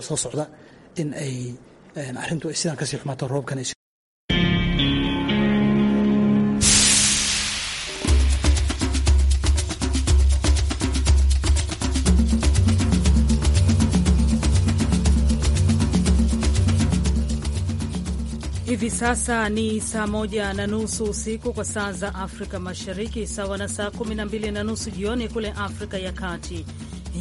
soo socda in ay eh, arrintu ay sidan kasii xumaato roobkan Hivi sasa ni saa moja na nusu usiku kwa saa za Afrika Mashariki, sawa na saa kumi na mbili na nusu jioni kule Afrika ya Kati.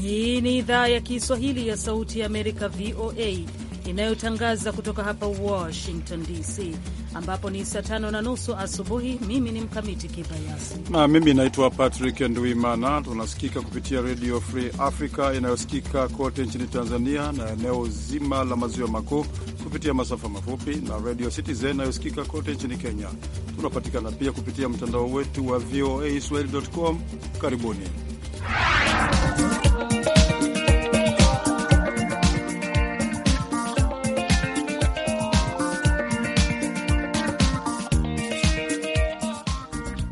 Hii ni idhaa ya Kiswahili ya Sauti ya Amerika, VOA, inayotangaza kutoka hapa Washington DC, ambapo ni saa tano na nusu asubuhi. Mimi ni Mkamiti Kibayasi na mimi naitwa Patrick Nduimana. Tunasikika kupitia Redio Free Africa inayosikika kote nchini Tanzania na eneo zima la maziwa makuu kupitia masafa mafupi na Redio Citizen inayosikika kote nchini Kenya. Tunapatikana pia kupitia mtandao wetu wa VOA swahili.com. Karibuni.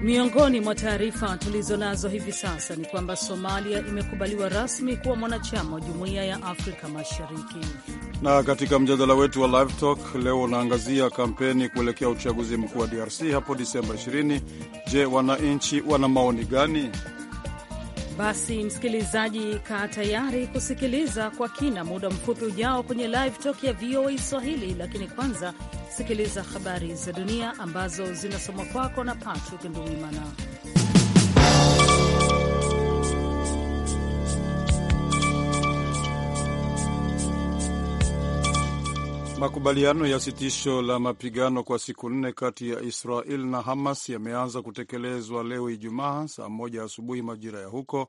Miongoni mwa taarifa tulizonazo hivi sasa ni kwamba Somalia imekubaliwa rasmi kuwa mwanachama wa jumuiya ya Afrika Mashariki. Na katika mjadala wetu wa Live Talk leo unaangazia kampeni kuelekea uchaguzi mkuu wa DRC hapo Disemba 20. Je, wananchi wana maoni gani? Basi msikilizaji, kaa tayari kusikiliza kwa kina muda mfupi ujao kwenye live talk ya VOA Swahili, lakini kwanza sikiliza habari za dunia ambazo zinasomwa kwako na Patrick Nduwimana. Makubaliano ya sitisho la mapigano kwa siku nne kati ya Israel na Hamas yameanza kutekelezwa leo Ijumaa saa moja asubuhi majira ya huko,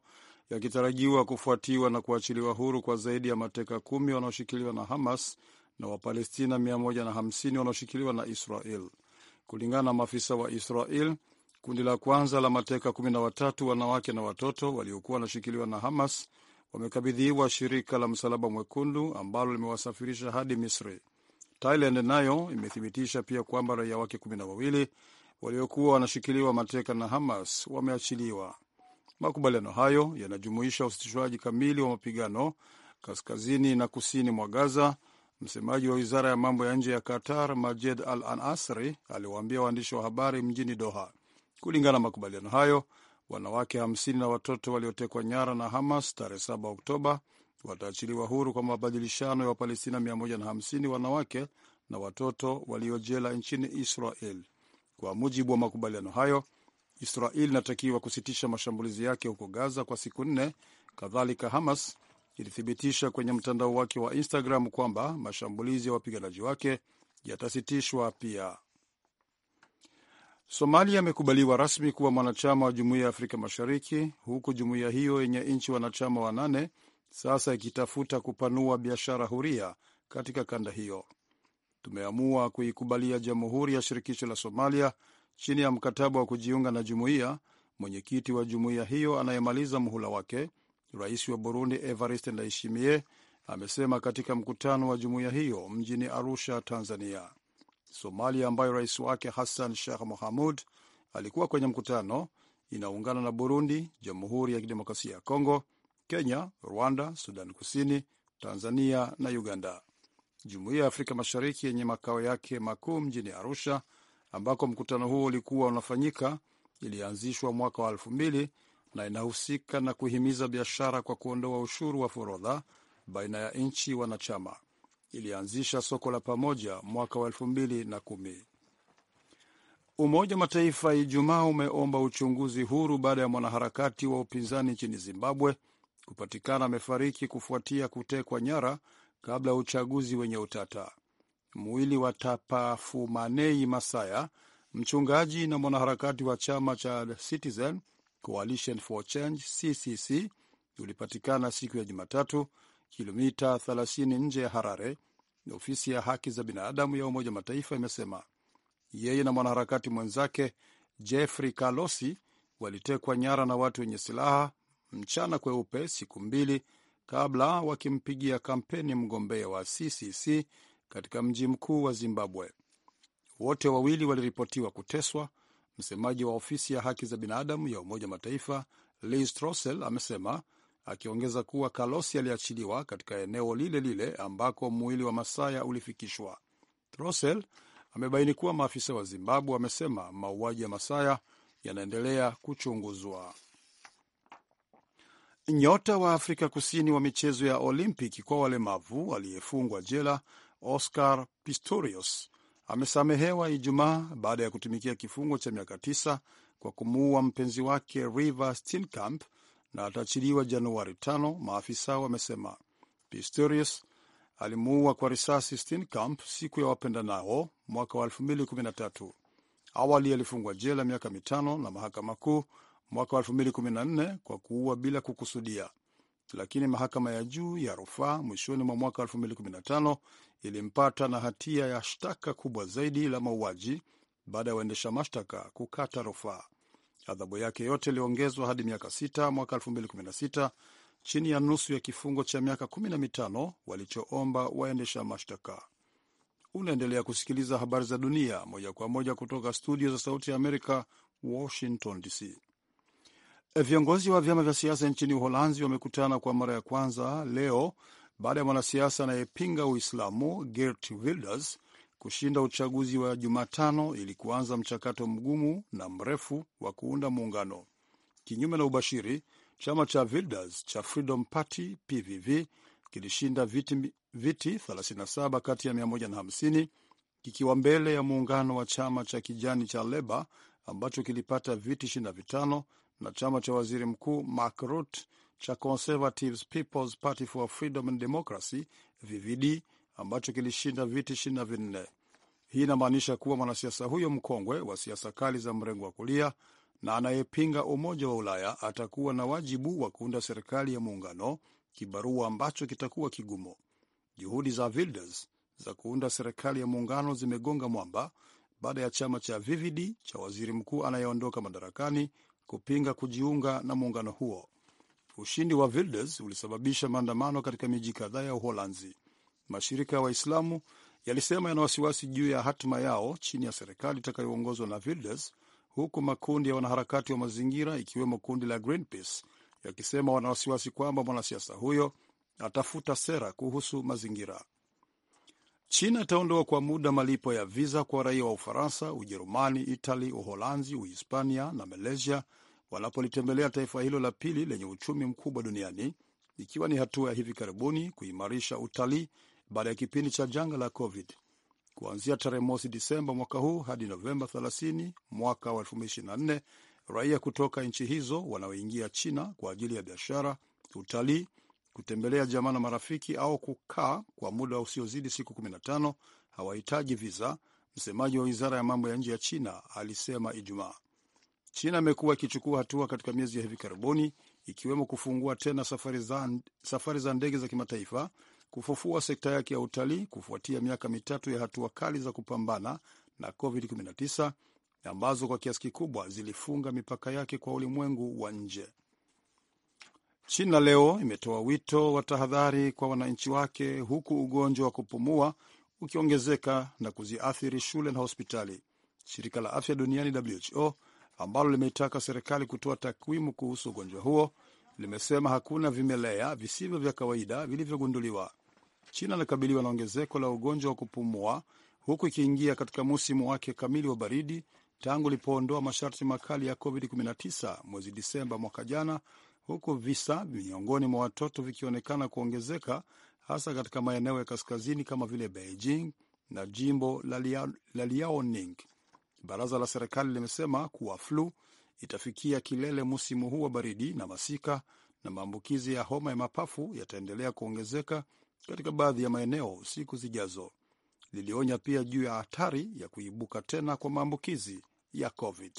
yakitarajiwa kufuatiwa na kuachiliwa huru kwa zaidi ya mateka kumi wanaoshikiliwa na Hamas na Wapalestina 150 wanaoshikiliwa na Israel. Kulingana na maafisa wa Israel, kundi la kwanza la mateka 13 wanawake na watoto waliokuwa wanashikiliwa na Hamas wamekabidhiwa shirika la Msalaba Mwekundu ambalo limewasafirisha hadi Misri. Thailand nayo imethibitisha pia kwamba raia wake kumi na wawili waliokuwa wanashikiliwa mateka na Hamas wameachiliwa. Makubaliano hayo yanajumuisha usitishwaji kamili wa mapigano kaskazini na kusini mwa Gaza. Msemaji wa wizara ya mambo ya nje ya Qatar, Majed Al anasri aliwaambia waandishi wa habari mjini Doha. Kulingana na makubaliano hayo, wanawake 50 na watoto waliotekwa nyara na Hamas tarehe 7 Oktoba wataachiliwa huru kwa mabadilishano ya Wapalestina 150 wanawake na watoto waliojela nchini Israel. Kwa mujibu wa makubaliano hayo, Israel inatakiwa kusitisha mashambulizi yake huko Gaza kwa siku nne. Kadhalika, Hamas ilithibitisha kwenye mtandao wake wa Instagram kwamba mashambulizi ya wapiganaji wake yatasitishwa pia. Somalia amekubaliwa rasmi kuwa mwanachama wa Jumuiya ya Afrika Mashariki, huku jumuiya hiyo yenye nchi wanachama wanane sasa ikitafuta kupanua biashara huria katika kanda hiyo. Tumeamua kuikubalia Jamhuri ya Shirikisho la Somalia chini ya mkataba wa kujiunga na jumuiya, mwenyekiti wa jumuiya hiyo anayemaliza muhula wake, Rais wa Burundi Evariste Ndayishimiye amesema katika mkutano wa jumuiya hiyo mjini Arusha, Tanzania. Somalia ambayo rais wake Hassan Sheikh Mohamud alikuwa kwenye mkutano inaungana na Burundi, Jamhuri ya Kidemokrasia ya Kongo, Kenya, Rwanda, Sudan Kusini, Tanzania na Uganda. Jumuiya ya Afrika Mashariki yenye makao yake makuu mjini Arusha, ambako mkutano huo ulikuwa unafanyika, ilianzishwa mwaka wa elfu mbili na inahusika na kuhimiza biashara kwa kuondoa ushuru wa forodha baina ya nchi wanachama. Ilianzisha soko la pamoja mwaka wa elfu mbili na kumi. Umoja wa Mataifa Ijumaa umeomba uchunguzi huru baada ya mwanaharakati wa upinzani nchini Zimbabwe kupatikana amefariki kufuatia kutekwa nyara kabla ya uchaguzi wenye utata. Mwili wa Tapafumanei Masaya, mchungaji na mwanaharakati wa chama cha Citizen Coalition for Change CCC, ulipatikana siku ya Jumatatu, kilomita 30 nje ya Harare. Ofisi ya haki za binadamu ya Umoja Mataifa imesema yeye na mwanaharakati mwenzake Jeffrey Kalosi walitekwa nyara na watu wenye silaha mchana kweupe siku mbili kabla wakimpigia kampeni mgombea wa CCC katika mji mkuu wa Zimbabwe. Wote wawili waliripotiwa kuteswa. Msemaji wa ofisi ya haki za binadamu ya Umoja wa Mataifa Liz trossel amesema, akiongeza kuwa Kalosi aliachiliwa katika eneo lile lile ambako mwili wa Masaya ulifikishwa. Throssell amebaini kuwa maafisa wa Zimbabwe wamesema mauaji ya Masaya yanaendelea kuchunguzwa. Nyota wa Afrika Kusini wa michezo ya Olimpiki kwa walemavu aliyefungwa jela Oscar Pistorius amesamehewa Ijumaa baada ya kutumikia kifungo cha miaka tisa kwa kumuua mpenzi wake river Steenkamp na ataachiliwa Januari tano, maafisa wamesema. Pistorius alimuua kwa risasi Steenkamp siku ya wapendanao mwaka wa 2013. Awali alifungwa jela miaka mitano na mahakama kuu mwaka wa 2014 kwa kuua bila kukusudia, lakini mahakama ya juu ya rufaa mwishoni mwa mwaka 2015 ilimpata na hatia ya shtaka kubwa zaidi la mauaji baada ya waendesha mashtaka kukata rufaa. Adhabu yake yote iliongezwa hadi miaka sita mwaka 2016, chini ya nusu ya kifungo cha miaka 15 mitano walichoomba waendesha mashtaka. Unaendelea kusikiliza habari za dunia moja kwa moja kutoka studio za Sauti ya Amerika, Washington DC. Viongozi wa vyama vya siasa nchini Uholanzi wamekutana kwa mara ya kwanza leo baada ya mwanasiasa anayepinga Uislamu Geert Wilders kushinda uchaguzi wa Jumatano ili kuanza mchakato mgumu na mrefu wa kuunda muungano. Kinyume na ubashiri, chama cha Wilders cha Freedom Party PVV kilishinda viti, viti 37 kati ya 150 kikiwa mbele ya muungano wa chama cha kijani cha Leba ambacho kilipata viti 25 na chama cha waziri mkuu Mark Rutte cha Conservatives People's Party for Freedom and Democracy VVD ambacho kilishinda viti 24. vinne. Hii inamaanisha kuwa mwanasiasa huyo mkongwe wa siasa kali za mrengo wa kulia na anayepinga umoja wa Ulaya atakuwa na wajibu wa kuunda serikali ya muungano, kibarua ambacho kitakuwa kigumu. Juhudi za Wilders za kuunda serikali ya muungano zimegonga mwamba baada ya chama cha VVD cha waziri mkuu anayeondoka madarakani kupinga kujiunga na muungano huo. Ushindi wa Wilders ulisababisha maandamano katika miji kadhaa ya Uholanzi. Mashirika ya Waislamu yalisema yana wasiwasi juu ya hatima yao chini ya serikali itakayoongozwa na Wilders, huku makundi ya wanaharakati wa mazingira ikiwemo kundi la Greenpeace yakisema wana wasiwasi kwamba mwanasiasa huyo atafuta sera kuhusu mazingira. China itaondoa kwa muda malipo ya viza kwa raia wa Ufaransa, Ujerumani, Itali, Uholanzi, Uhispania na Malaysia wanapolitembelea taifa hilo la pili lenye uchumi mkubwa duniani, ikiwa ni hatua ya hivi karibuni kuimarisha utalii baada ya kipindi cha janga la COVID. Kuanzia tarehe mosi Disemba mwaka huu hadi Novemba 30 mwaka wa 2024 raia kutoka nchi hizo wanaoingia China kwa ajili ya biashara, utalii kutembelea jamaa na marafiki au kukaa kwa muda usiozidi siku 15 hawahitaji viza msemaji wa wizara ya mambo ya nje ya China alisema Ijumaa. China imekuwa ikichukua hatua katika miezi ya hivi karibuni, ikiwemo kufungua tena safari za, safari za ndege za kimataifa, kufufua sekta yake ya utalii kufuatia miaka mitatu ya hatua kali za kupambana na COVID-19 ambazo kwa kiasi kikubwa zilifunga mipaka yake kwa ulimwengu wa nje. China leo imetoa wito wa tahadhari kwa wananchi wake huku ugonjwa wa kupumua ukiongezeka na kuziathiri shule na hospitali. Shirika la afya duniani WHO ambalo limeitaka serikali kutoa takwimu kuhusu ugonjwa huo limesema hakuna vimelea visivyo vya kawaida vilivyogunduliwa. China inakabiliwa na ongezeko la ugonjwa wa kupumua huku ikiingia katika musimu wake kamili wa baridi tangu ilipoondoa masharti makali ya COVID-19 mwezi Disemba mwaka jana huku visa miongoni mwa watoto vikionekana kuongezeka hasa katika maeneo ya kaskazini kama vile Beijing na jimbo la Liaoning. Baraza la serikali limesema kuwa flu itafikia kilele msimu huu wa baridi na masika na maambukizi ya homa ya mapafu yataendelea kuongezeka katika baadhi ya maeneo siku zijazo. Lilionya pia juu ya hatari ya kuibuka tena kwa maambukizi ya COVID.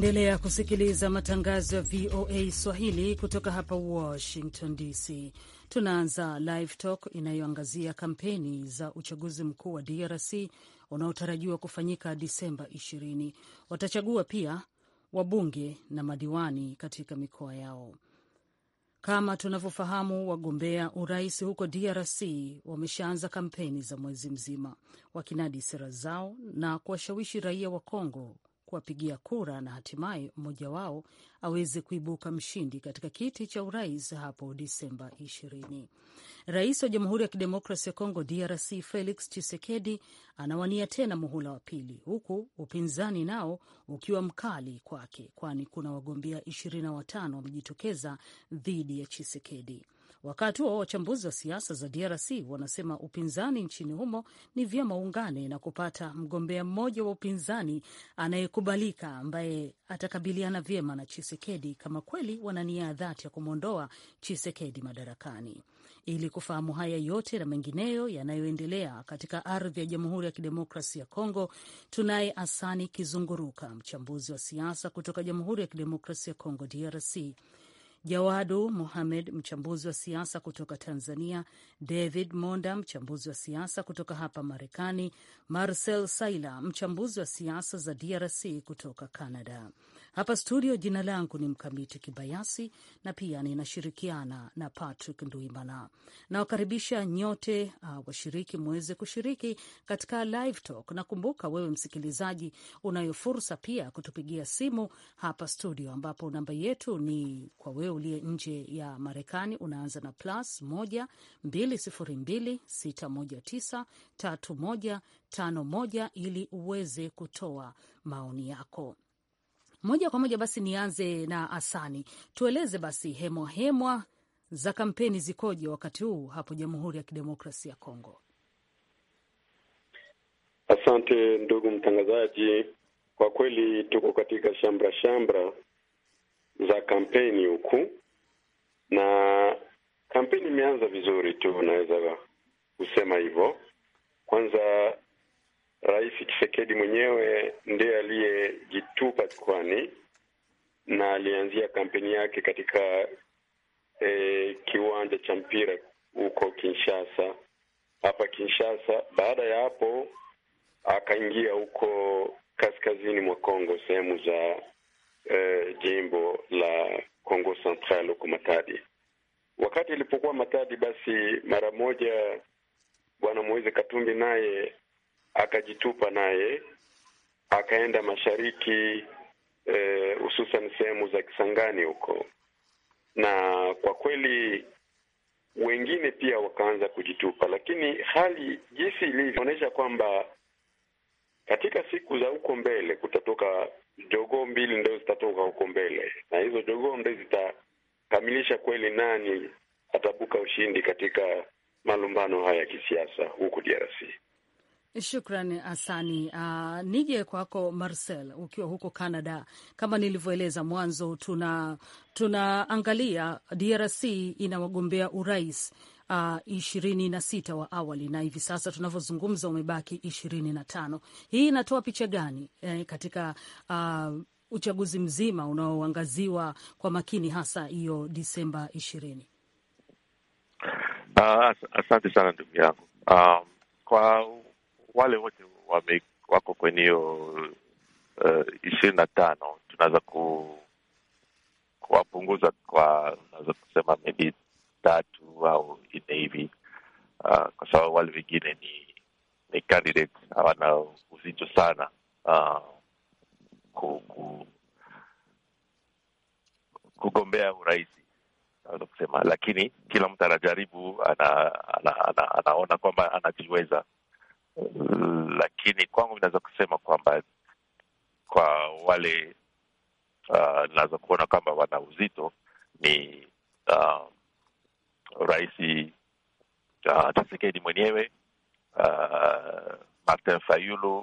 Unaendelea kusikiliza matangazo ya VOA Swahili kutoka hapa Washington DC. Tunaanza Live Talk inayoangazia kampeni za uchaguzi mkuu wa DRC unaotarajiwa kufanyika Disemba 20. Watachagua pia wabunge na madiwani katika mikoa yao. Kama tunavyofahamu, wagombea urais huko DRC wameshaanza kampeni za mwezi mzima wakinadi sera zao na kuwashawishi raia wa Kongo kuwapigia kura na hatimaye mmoja wao aweze kuibuka mshindi katika kiti cha urais hapo Disemba 20. Rais wa Jamhuri ya Kidemokrasi ya Kongo DRC Felix Tshisekedi anawania tena muhula wa pili, huku upinzani nao ukiwa mkali kwake, kwani kuna wagombea 25 wamejitokeza dhidi ya Tshisekedi. Wakati huo wachambuzi wa siasa za DRC wanasema upinzani nchini humo ni vyema uungane na kupata mgombea mmoja wa upinzani anayekubalika ambaye atakabiliana vyema na Chisekedi kama kweli wana nia ya dhati ya kumwondoa Chisekedi madarakani. Ili kufahamu haya yote na mengineyo yanayoendelea katika ardhi ya Jamhuri ya kidemokrasi ya Kongo, tunaye Asani Kizunguruka, mchambuzi wa siasa kutoka Jamhuri ya kidemokrasi ya Kongo, DRC. Jawadu Muhamed, mchambuzi wa siasa kutoka Tanzania, David Monda, mchambuzi wa siasa kutoka hapa Marekani, Marcel Saila, mchambuzi wa siasa za DRC kutoka Canada. Hapa studio, jina langu ni Mkamiti Kibayasi na pia ninashirikiana na Patrick Nduimana. Nawakaribisha nyote uh, washiriki mweze kushiriki katika live talk, na kumbuka wewe msikilizaji, unayo fursa pia kutupigia simu hapa studio, ambapo namba yetu ni kwa wewe uliye nje ya Marekani, unaanza na plus moja moja sifuri mbili sita tisa tatu moja tano moja ili uweze kutoa maoni yako. Moja kwa moja basi nianze na Asani, tueleze basi hemwa hemwa za kampeni zikoje wakati huu hapo Jamhuri ya Kidemokrasia ya Kongo? Asante ndugu mtangazaji, kwa kweli tuko katika shambra shambra za kampeni huku, na kampeni imeanza vizuri tu, unaweza kusema hivyo. Kwanza Rais Tshisekedi mwenyewe ndiye aliyejitupa jukwani na alianzia kampeni yake katika e, eh, kiwanja cha mpira huko Kinshasa, hapa Kinshasa. Baada ya hapo akaingia huko kaskazini mwa Kongo, sehemu za e, jimbo la Kongo Central huko Matadi. Wakati ilipokuwa Matadi, basi mara moja bwana Moise Katumbi naye akajitupa naye akaenda mashariki eh, hususan e, sehemu za Kisangani huko, na kwa kweli wengine pia wakaanza kujitupa, lakini hali jinsi ilivyoonyesha kwamba katika siku za huko mbele kutatoka jogoo mbili ndio zitatoka huko mbele, na hizo jogoo ndio zitakamilisha kweli nani atabuka ushindi katika malumbano haya ya kisiasa huko DRC. Shukran Asani. Uh, ah, nije kwako Marcel, ukiwa huko Canada. Kama nilivyoeleza mwanzo, tuna tunaangalia DRC ina wagombea urais ah, ishirini na sita wa awali na hivi sasa tunavyozungumza umebaki ishirini na tano. Hii inatoa picha gani eh, katika uh, uchaguzi mzima unaoangaziwa kwa makini hasa hiyo Disemba ishirini? Uh, asante sana ndugu yangu. Um, kwa wale wote wame, wako kwenye hiyo eh, ishirini na tano tunaweza ku, kuwapunguza kwa unaweza kusema maybe tatu au nne hivi uh, kwa sababu wale wengine ni ni hawana uzito sana uh, ku, ku, kugombea urais naweza kusema, lakini kila mtu anajaribu ana, ana, ana, anaona kwamba anajiweza lakini kwangu inaweza kusema kwamba kwa wale uh, kuona kwamba wana uzito ni uh, Rais uh, Tshisekedi mwenyewe uh, Martin Fayulu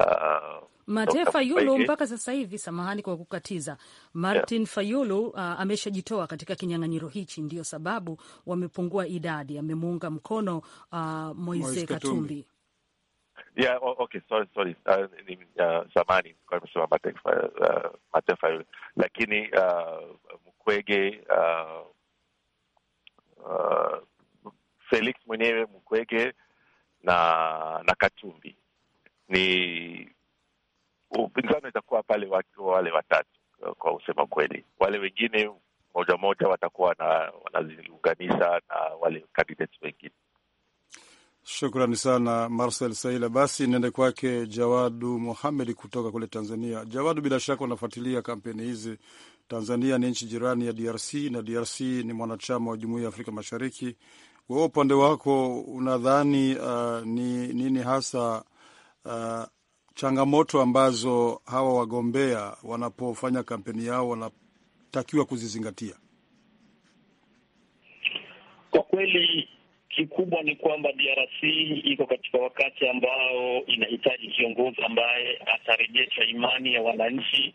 uh, Martin Fayulu mpaka sasa hivi, samahani kwa kukatiza, Martin yeah, Fayulu uh, ameshajitoa katika kinyang'anyiro hichi, ndio sababu wamepungua idadi. Amemuunga mkono uh, Moise Katumbi. Yeah, okay, sorry, sorry. Uh, ni uh, zamani uh, mataifa uh, mataifa yule, lakini uh, Mkwege uh, uh, Felix mwenyewe Mkwege na na Katumbi ni upinzani itakuwa pale watu wale watatu, uh, kwa usema kweli, wale wengine moja moja watakuwa wanaziunganisha na wale candidates wengine. Shukrani sana Marcel Saila. Basi niende kwake Jawadu Muhamed kutoka kule Tanzania. Jawadu, bila shaka unafuatilia kampeni hizi. Tanzania ni nchi jirani ya DRC na DRC ni mwanachama wa jumuiya ya Afrika Mashariki. Wewe upande wako unadhani uh, ni nini hasa uh, changamoto ambazo hawa wagombea wanapofanya kampeni yao wanatakiwa kuzizingatia? Kwa kweli Kikubwa ni kwamba DRC iko katika wakati ambao inahitaji kiongozi ambaye atarejesha imani ya wananchi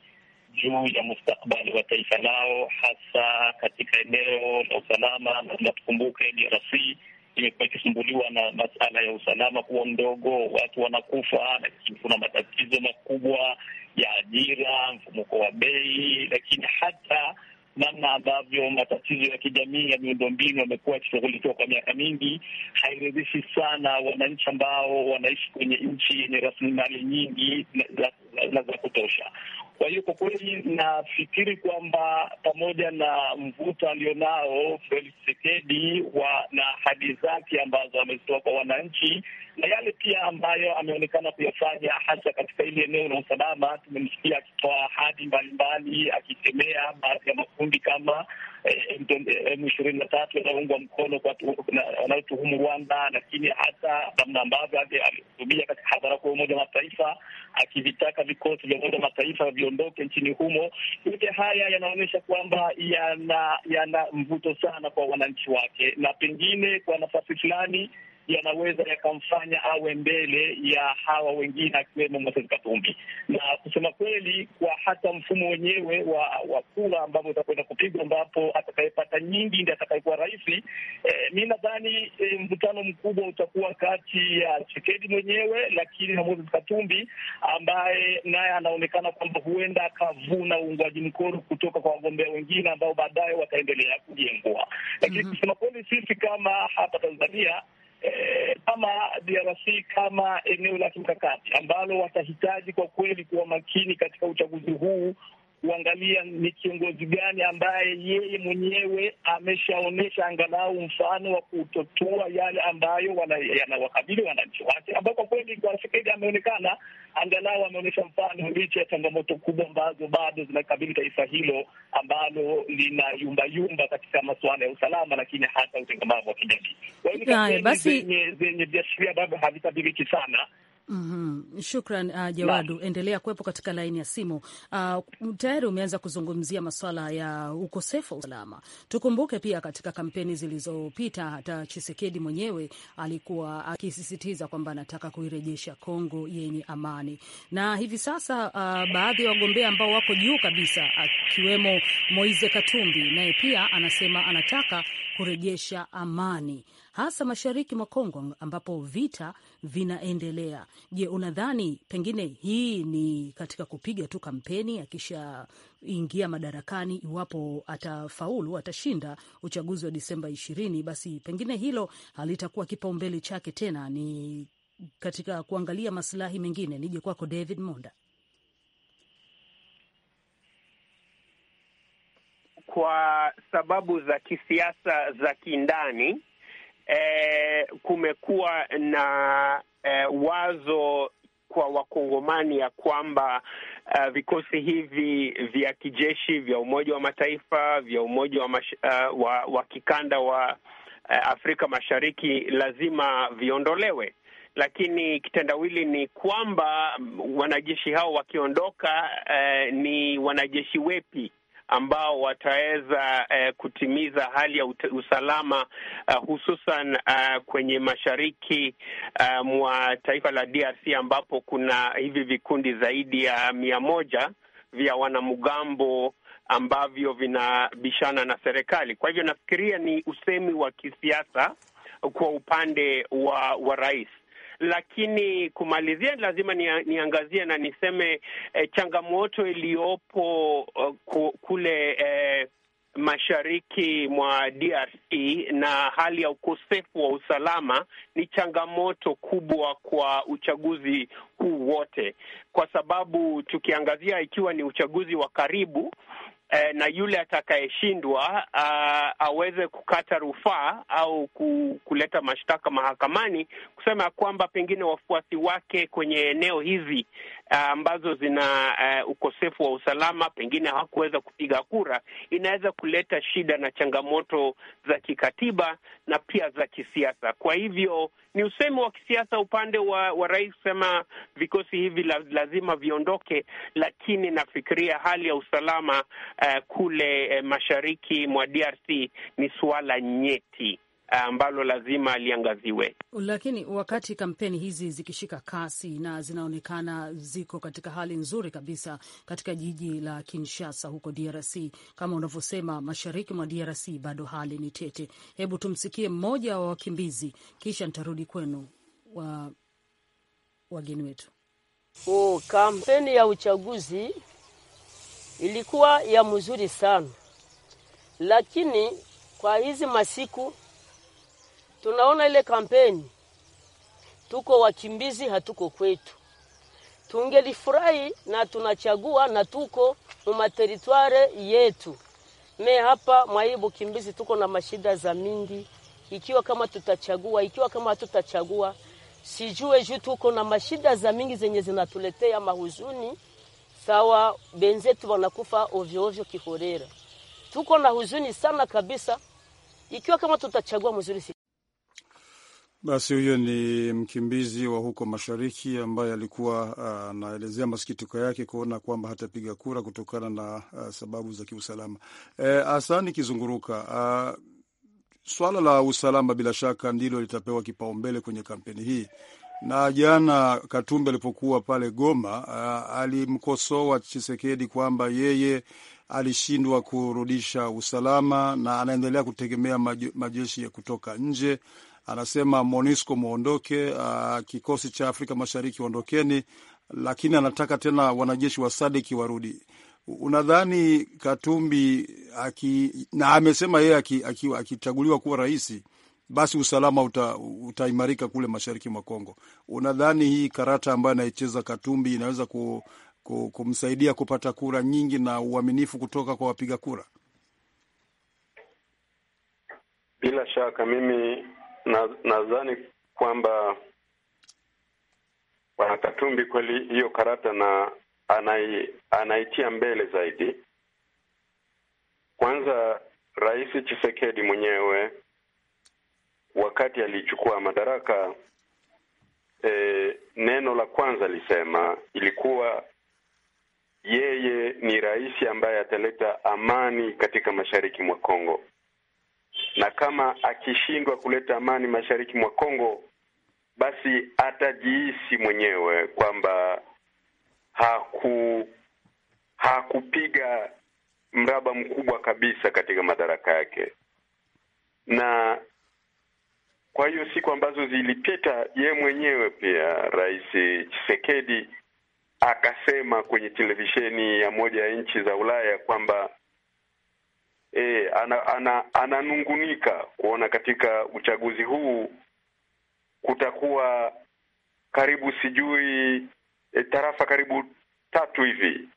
juu ya mustakabali wa taifa lao, hasa katika eneo la usalama. Na tukumbuke DRC imekuwa ikisumbuliwa na masala ya usalama kuwa mdogo, watu wanakufa, lakini kuna matatizo makubwa ya ajira, mfumuko wa bei, lakini hata namna ambavyo matatizo ya kijamii ya miundombinu yamekuwa yakishughulikiwa kwa miaka mingi, hairidhishi sana wananchi ambao wanaishi kwenye nchi yenye rasilimali nyingi na za kutosha. Kwa hiyo kwa kweli nafikiri kwamba pamoja na mvuto alionao Felix Tshisekedi na ahadi zake ambazo amezitoa kwa wananchi na yale pia ambayo ameonekana kuyafanya hasa katika hili eneo la usalama, tumemsikia akitoa ahadi mbalimbali, akisemea baadhi ya makundi kama Eh, M ishirini na tatu yanayoungwa mkono wanayotuhumu Rwanda, lakini hata namna ambavyo alihutubia katika hadhara kwa Umoja wa Mataifa akivitaka vikosi vya Umoja wa Mataifa viondoke nchini humo. Yote haya yanaonyesha kwamba yana yana mvuto sana kwa wananchi wake, na pengine kwa nafasi fulani yanaweza yakamfanya awe mbele ya hawa wengine akiwemo Moses Katumbi, na kusema kweli, kwa hata mfumo wenyewe wa wa kura ambavyo utakwenda kupigwa, ambapo atakayepata nyingi ndi atakayekuwa rais. E, mi nadhani e, mvutano mkubwa utakuwa kati ya Chekedi mwenyewe, lakini na Moses Katumbi ambaye naye anaonekana kwamba huenda akavuna uungwaji mkono kutoka kwa wagombea wengine ambao baadaye wataendelea kujengwa, lakini mm -hmm. kusema kweli, sisi kama hapa Tanzania eh, kama DRC kama eneo la kimkakati ambalo watahitaji kwa kweli kuwa makini katika uchaguzi huu kuangalia ni kiongozi gani ambaye yeye mwenyewe ameshaonyesha angalau mfano wa kutotua yale ambayo yanawakabili wananchi wake, ambao kwa kweli kwa sasa ameonekana angalau ameonyesha mfano, licha ya changamoto kubwa ambazo bado zinakabili taifa hilo ambalo lina yumbayumba katika masuala ya usalama, lakini hata utengamavu wa kijamii. Kwa hiyo basi zenye viashiria ambavyo havitabiriki sana Mm -hmm. Shukran uh, Jawadu na, endelea kuwepo katika laini ya simu. Uh, tayari umeanza kuzungumzia masuala ya ukosefu wa usalama. Tukumbuke pia katika kampeni zilizopita hata Chisekedi mwenyewe alikuwa akisisitiza kwamba anataka kuirejesha Kongo yenye amani, na hivi sasa uh, baadhi ya wagombea ambao wako juu kabisa akiwemo Moise Katumbi naye pia anasema anataka kurejesha amani hasa mashariki mwa Kongo ambapo vita vinaendelea. Je, unadhani pengine hii ni katika kupiga tu kampeni akishaingia madarakani, iwapo atafaulu, atashinda uchaguzi wa Disemba ishirini, basi pengine hilo halitakuwa kipaumbele chake tena, ni katika kuangalia masilahi mengine. Nije kwako David Monda. Kwa sababu za kisiasa za kindani eh, kumekuwa na eh, wazo kwa Wakongomani ya kwamba uh, vikosi hivi vya kijeshi vya Umoja wa Mataifa vya Umoja wa, mash, uh, wa, wa kikanda wa uh, Afrika Mashariki lazima viondolewe, lakini kitendawili ni kwamba wanajeshi hao wakiondoka, uh, ni wanajeshi wepi ambao wataweza eh, kutimiza hali ya usalama uh, hususan uh, kwenye mashariki uh, mwa taifa la DRC ambapo kuna hivi vikundi zaidi ya mia moja vya wanamgambo ambavyo vinabishana na serikali. Kwa hivyo nafikiria ni usemi wa kisiasa kwa upande wa, wa rais. Lakini kumalizia, lazima niangazie na niseme eh, changamoto iliyopo uh, kule eh, mashariki mwa DRC na hali ya ukosefu wa usalama ni changamoto kubwa kwa uchaguzi huu wote, kwa sababu tukiangazia, ikiwa ni uchaguzi wa karibu eh, na yule atakayeshindwa uh, aweze kukata rufaa au ku, kuleta mashtaka mahakamani kusema kwamba pengine wafuasi wake kwenye eneo hizi Eh, ambazo zina uh, ukosefu wa usalama, pengine hawakuweza kupiga kura, inaweza kuleta shida na changamoto za kikatiba na pia za kisiasa. Kwa hivyo ni usemi wa kisiasa upande wa, wa rais sema vikosi hivi lazima viondoke, lakini nafikiria hali ya usalama uh, kule uh, mashariki mwa DRC ni suala nyeti. Eh, ambalo lazima liangaziwe. Lakini wakati kampeni hizi zikishika kasi na zinaonekana ziko katika hali nzuri kabisa katika jiji la Kinshasa huko DRC, kama unavyosema, mashariki mwa DRC bado hali ni tete. Hebu tumsikie mmoja wa wakimbizi, kisha nitarudi kwenu wa wageni wetu. Oh, kampeni ya uchaguzi ilikuwa ya mzuri sana, lakini kwa hizi masiku tunaona ile kampeni, tuko wakimbizi, hatuko kwetu. Tungelifurahi na tunachagua na tuko mu yetu, me hapa mwaibu bukimbizi tuko na mashida za mingi, ikiwa kama tutachagua, ikiwa kama hatutachagua sijue juu tuko na mashida za mingi zenye zinatuletea mahuzuni sawa. Benzetu wanakufa ovyo ovyo kihorera, tuko na huzuni sana kabisa. Ikiwa kama tutachagua mzuri basi huyo ni mkimbizi wa huko mashariki ambaye alikuwa uh, anaelezea uh, masikitiko yake kuona kwamba hatapiga kura kutokana na uh, sababu za kiusalama. E, eh, Asani Kizunguruka, uh, swala la usalama bila shaka ndilo litapewa kipaumbele kwenye kampeni hii, na jana Katumbi alipokuwa pale Goma, uh, alimkosoa Chisekedi kwamba yeye alishindwa kurudisha usalama na anaendelea kutegemea majeshi kutoka nje anasema MONUSCO mwondoke uh, kikosi cha Afrika Mashariki ondokeni, lakini anataka tena wanajeshi wa SADC warudi. Unadhani Katumbi aki, na amesema yeye akichaguliwa aki, aki kuwa rais basi usalama uta, utaimarika kule mashariki mwa Kongo. Unadhani hii karata ambayo anaicheza Katumbi inaweza ku, ku, kumsaidia kupata kura nyingi na uaminifu kutoka kwa wapiga kura? Bila shaka mimi nadhani na kwamba Bwana Katumbi kweli hiyo karata na anai, anaitia mbele zaidi. Kwanza Rais chisekedi mwenyewe wakati alichukua madaraka e, neno la kwanza lisema ilikuwa yeye ni rais ambaye ataleta amani katika mashariki mwa Kongo na kama akishindwa kuleta amani mashariki mwa Kongo, basi atajihisi mwenyewe kwamba haku hakupiga mraba mkubwa kabisa katika madaraka yake, na kwa hiyo siku ambazo zilipita, ye mwenyewe pia Rais Tshisekedi akasema kwenye televisheni ya moja ya nchi za Ulaya kwamba e, ananungunika ana, ana kuona katika uchaguzi huu kutakuwa karibu sijui e, tarafa karibu tatu hivi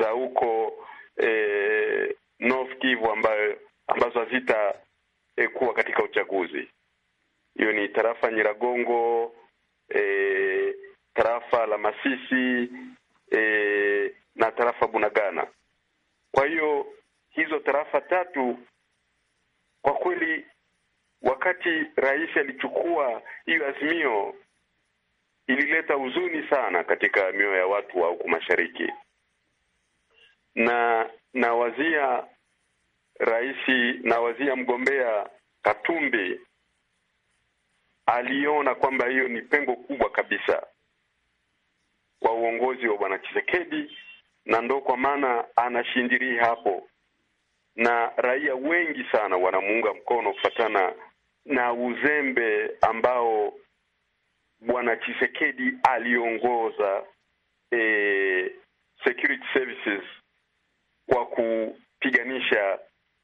za huko e, North Kivu ambayo ambazo hazita e, kuwa katika uchaguzi. Hiyo ni tarafa Nyiragongo, e, tarafa la Masisi e, na tarafa Bunagana. Kwa hiyo hizo tarafa tatu, kwa kweli, wakati rais alichukua hiyo azimio ilileta huzuni sana katika mioyo ya watu wa huku mashariki, na nawazia rais, nawazia mgombea Katumbi aliona kwamba hiyo ni pengo kubwa kabisa kwa uongozi wa bwana Chisekedi, na ndo kwa maana anashindiria hapo na raia wengi sana wanamuunga mkono kufatana na uzembe ambao Bwana Chisekedi aliongoza e, security services kwa kupiganisha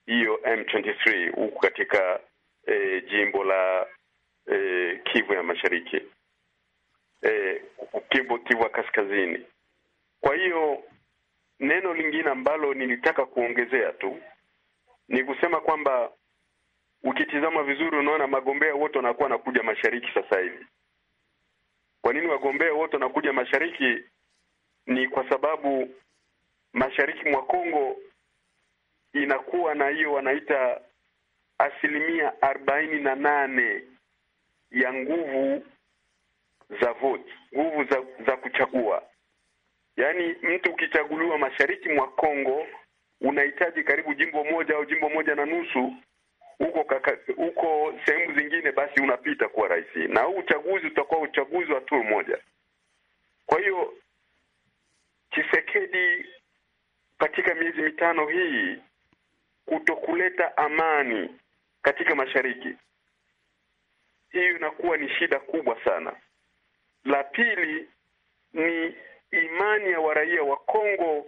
hiyo M23 huku katika e, jimbo la e, Kivu ya Mashariki e, Kivu, Kivu ya Kaskazini. Kwa hiyo neno lingine ambalo nilitaka kuongezea tu ni kusema kwamba ukitizama vizuri, unaona magombea wote wanakuwa wanakuja mashariki sasa hivi. Kwa nini wagombea wote wanakuja mashariki? Ni kwa sababu mashariki mwa Kongo inakuwa na hiyo wanaita asilimia arobaini na nane ya nguvu za vote, nguvu za, za kuchagua. Yaani mtu ukichaguliwa mashariki mwa Kongo unahitaji karibu jimbo moja au jimbo moja na nusu huko huko sehemu zingine basi unapita kuwa rais, na huu uchaguzi utakuwa uchaguzi wa turu moja. Kwa hiyo Chisekedi katika miezi mitano hii kutokuleta amani katika mashariki, hiyo inakuwa ni shida kubwa sana. La pili ni imani ya waraia wa Kongo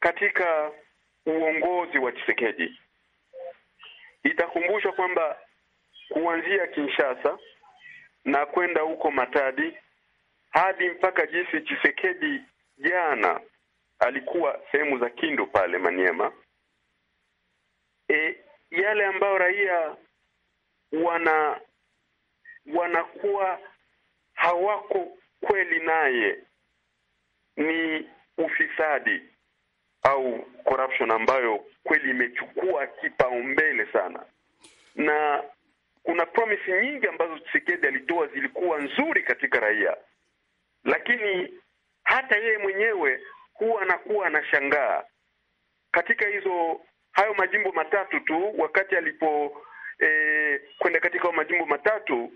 katika uongozi wa chisekeji Itakumbushwa kwamba kuanzia Kinshasa na kwenda huko Matadi hadi mpaka jinsi Chisekedi jana alikuwa sehemu za Kindu pale Maniema. E, yale ambayo raia wana wanakuwa hawako kweli naye ni ufisadi au corruption ambayo kweli imechukua kipaumbele sana, na kuna promise nyingi ambazo Tshisekedi alitoa zilikuwa nzuri katika raia, lakini hata yeye mwenyewe huwa anakuwa anashangaa katika hizo hayo majimbo matatu tu. Wakati alipo eh, kwenda katika hayo majimbo matatu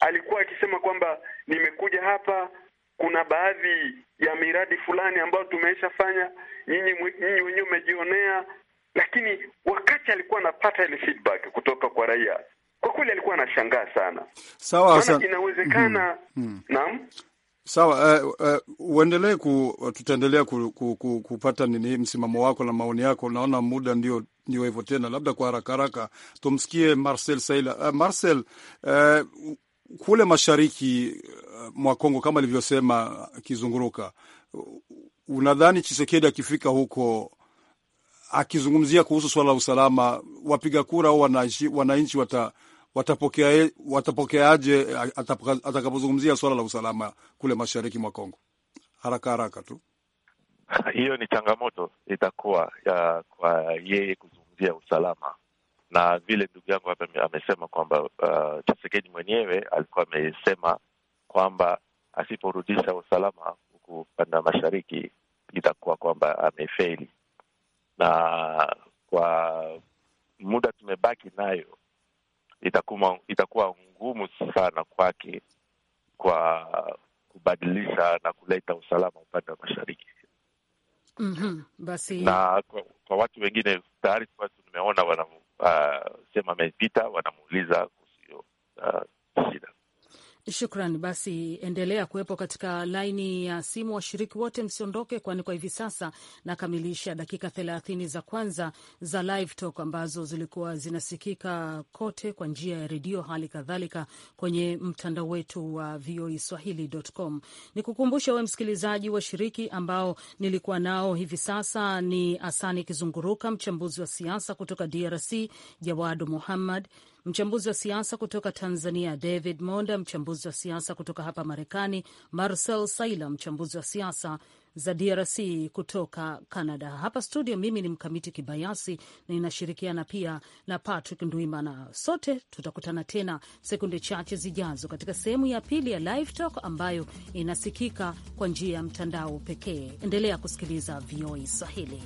alikuwa akisema kwamba nimekuja hapa kuna baadhi ya miradi fulani ambayo tumeishafanya, nyinyi wenyewe mmejionea. Lakini wakati alikuwa anapata ile feedback kutoka kwa raia, kwa kweli alikuwa anashangaa sana. Sawa, sana inawezekana. mm hmm. Naam. Sawa, eh, eh, uendelee uh, uh, ku tutaendelea ku, ku, ku, kupata nini msimamo wako na maoni yako. Naona muda ndio ndio hivyo tena, labda kwa haraka haraka tumsikie Marcel Saila. Uh, Marcel, kule mashariki eh, mwa Kongo kama alivyosema Kizunguruka, unadhani Chisekedi akifika huko akizungumzia kuhusu swala la usalama, wapiga kura au wananchi wata watapokeaje watapokea atakapozungumzia swala la usalama kule mashariki mwa Kongo? Haraka haraka tu, hiyo ni changamoto itakuwa ya kwa yeye kuzungumzia usalama na vile ndugu yangu hapa amesema kwamba uh, mwenyewe alikuwa amesema kwamba asiporudisha usalama huku upande wa mashariki itakuwa kwamba amefeli, na kwa muda tumebaki nayo itakuwa, itakuwa ngumu sana kwake kwa kubadilisha na kuleta usalama upande wa mashariki. Mm -hmm, basi na kwa, kwa watu wengine tayari tumeona wana uh, sema amepita, wanamuuliza kuhusu uh, Shukran. Basi endelea kuwepo katika laini ya simu, washiriki wote msiondoke, kwani kwa hivi sasa nakamilisha dakika thelathini za kwanza za Live Talk ambazo zilikuwa zinasikika kote kwa njia ya redio, hali kadhalika kwenye mtandao wetu wa e swahilicom Ni kukumbusha we msikilizaji, washiriki ambao nilikuwa nao hivi sasa ni Asani Kizunguruka, mchambuzi wa siasa kutoka DRC, Jawadu Muhammad Mchambuzi wa siasa kutoka Tanzania David Monda, mchambuzi wa siasa kutoka hapa Marekani Marcel Saila, mchambuzi wa siasa za DRC kutoka Canada. Hapa studio, mimi ni Mkamiti Kibayasi na ninashirikiana pia na Patrick Ndwimana. Sote tutakutana tena sekunde chache zijazo katika sehemu ya pili ya Live Talk ambayo inasikika kwa njia ya mtandao pekee. Endelea kusikiliza VOA Swahili.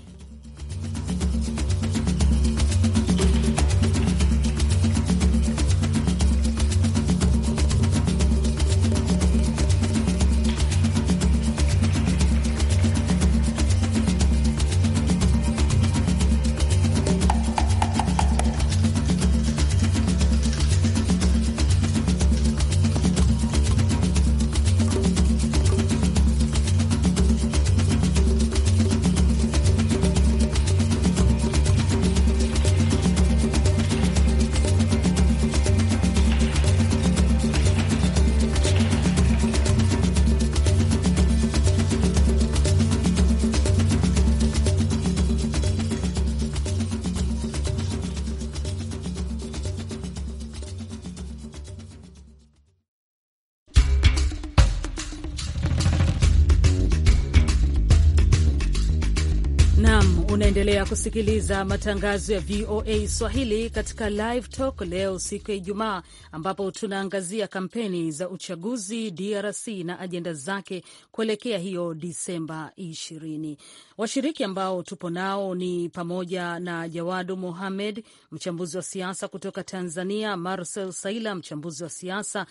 Unaendelea kusikiliza matangazo ya VOA Swahili katika Live Talk leo siku ya Ijumaa, ambapo tunaangazia kampeni za uchaguzi DRC na ajenda zake kuelekea hiyo Disemba 20. Washiriki ambao tupo nao ni pamoja na Jawadu Mohamed, mchambuzi wa siasa kutoka Tanzania, Marcel Saila, mchambuzi wa siasa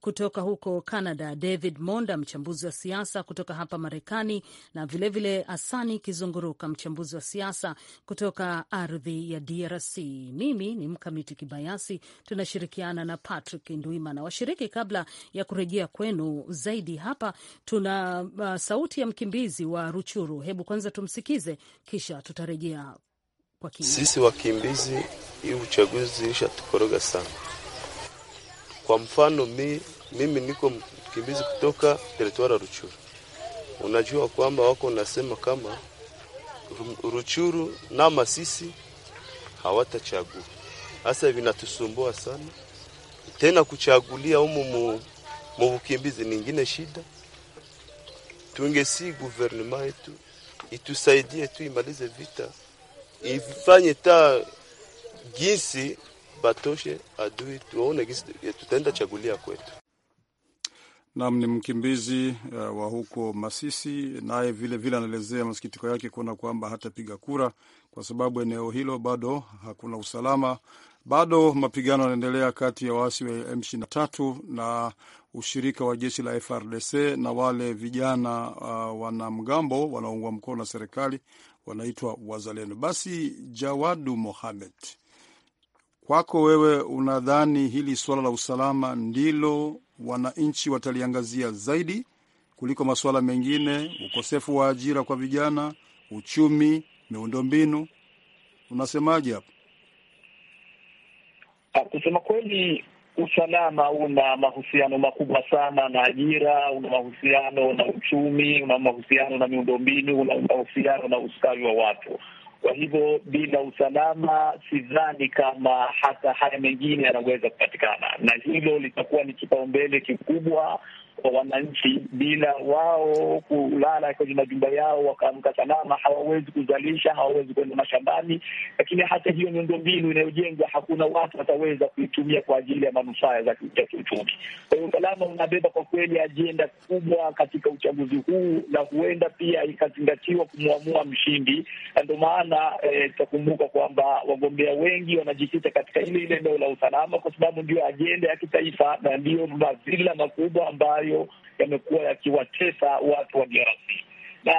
kutoka huko Canada, David Monda, mchambuzi wa siasa kutoka hapa Marekani, na vilevile vile Asani Kizunguruka, mchambuzi wa siasa kutoka ardhi ya DRC. Mimi ni Mkamiti Kibayasi, tunashirikiana na Patrick nduimana Washiriki, kabla ya kurejea kwenu zaidi hapa, tuna uh, sauti ya mkimbizi wa Ruchuru. Hebu kwanza tumsikize, kisha tutarejea kwa kina. Sisi wakimbizi, hii uchaguzi tukoroga sana. Kwa mfano mi, mimi niko mkimbizi kutoka teritwari ya Ruchuru. Unajua kwamba wako nasema kama Ruchuru na Masisi hawatachagua. Hasa vinatusumbua sana, tena kuchagulia umu mu ningine shida. Tungesi guvernema yetu itusaidie tu imalize vita, ifanye ta gisi batoshe adui, tuone gisi tutaenda chagulia kwetu nam ni mkimbizi uh, wa huko Masisi, naye vilevile anaelezea masikitiko yake kuona kwamba hatapiga kura kwa sababu eneo hilo bado hakuna usalama. Bado mapigano yanaendelea kati ya waasi wa M23 na ushirika wa jeshi la FRDC na wale vijana uh, wanamgambo wanaoungwa mkono na serikali wanaitwa Wazalendo. Basi Jawadu Mohamed, kwako wewe, unadhani hili suala la usalama ndilo wananchi wataliangazia zaidi kuliko masuala mengine: ukosefu wa ajira kwa vijana, uchumi, miundombinu. Unasemaje hapo? Ah, kusema kweli, usalama una mahusiano makubwa sana na ajira, una mahusiano na uchumi, una mahusiano na miundombinu, una mahusiano na ustawi wa watu kwa hivyo bila usalama, sidhani kama hata haya mengine yanaweza kupatikana, na hilo litakuwa ni kipaumbele kikubwa kwa wananchi. Bila wao kulala kwenye majumba yao wakaamka salama, hawawezi kuzalisha, hawawezi kuenda mashambani. Lakini hata hiyo mbinu inayojengwa, hakuna watu wataweza kuitumia kwa ajili ya manufaa ya kiuchumi. Kwa hiyo usalama unabeba kwa kweli ajenda kubwa katika uchaguzi huu, na huenda pia ikazingatiwa kumwamua mshindi, na ndio maana eh, tutakumbuka eh, kwamba wagombea wengi wanajikita katika ile ile eneo la usalama, kwa sababu ndio ajenda ya kitaifa na ndiyo mazila makubwa ambayo ambayo yamekuwa yakiwatesa watu wa DRC na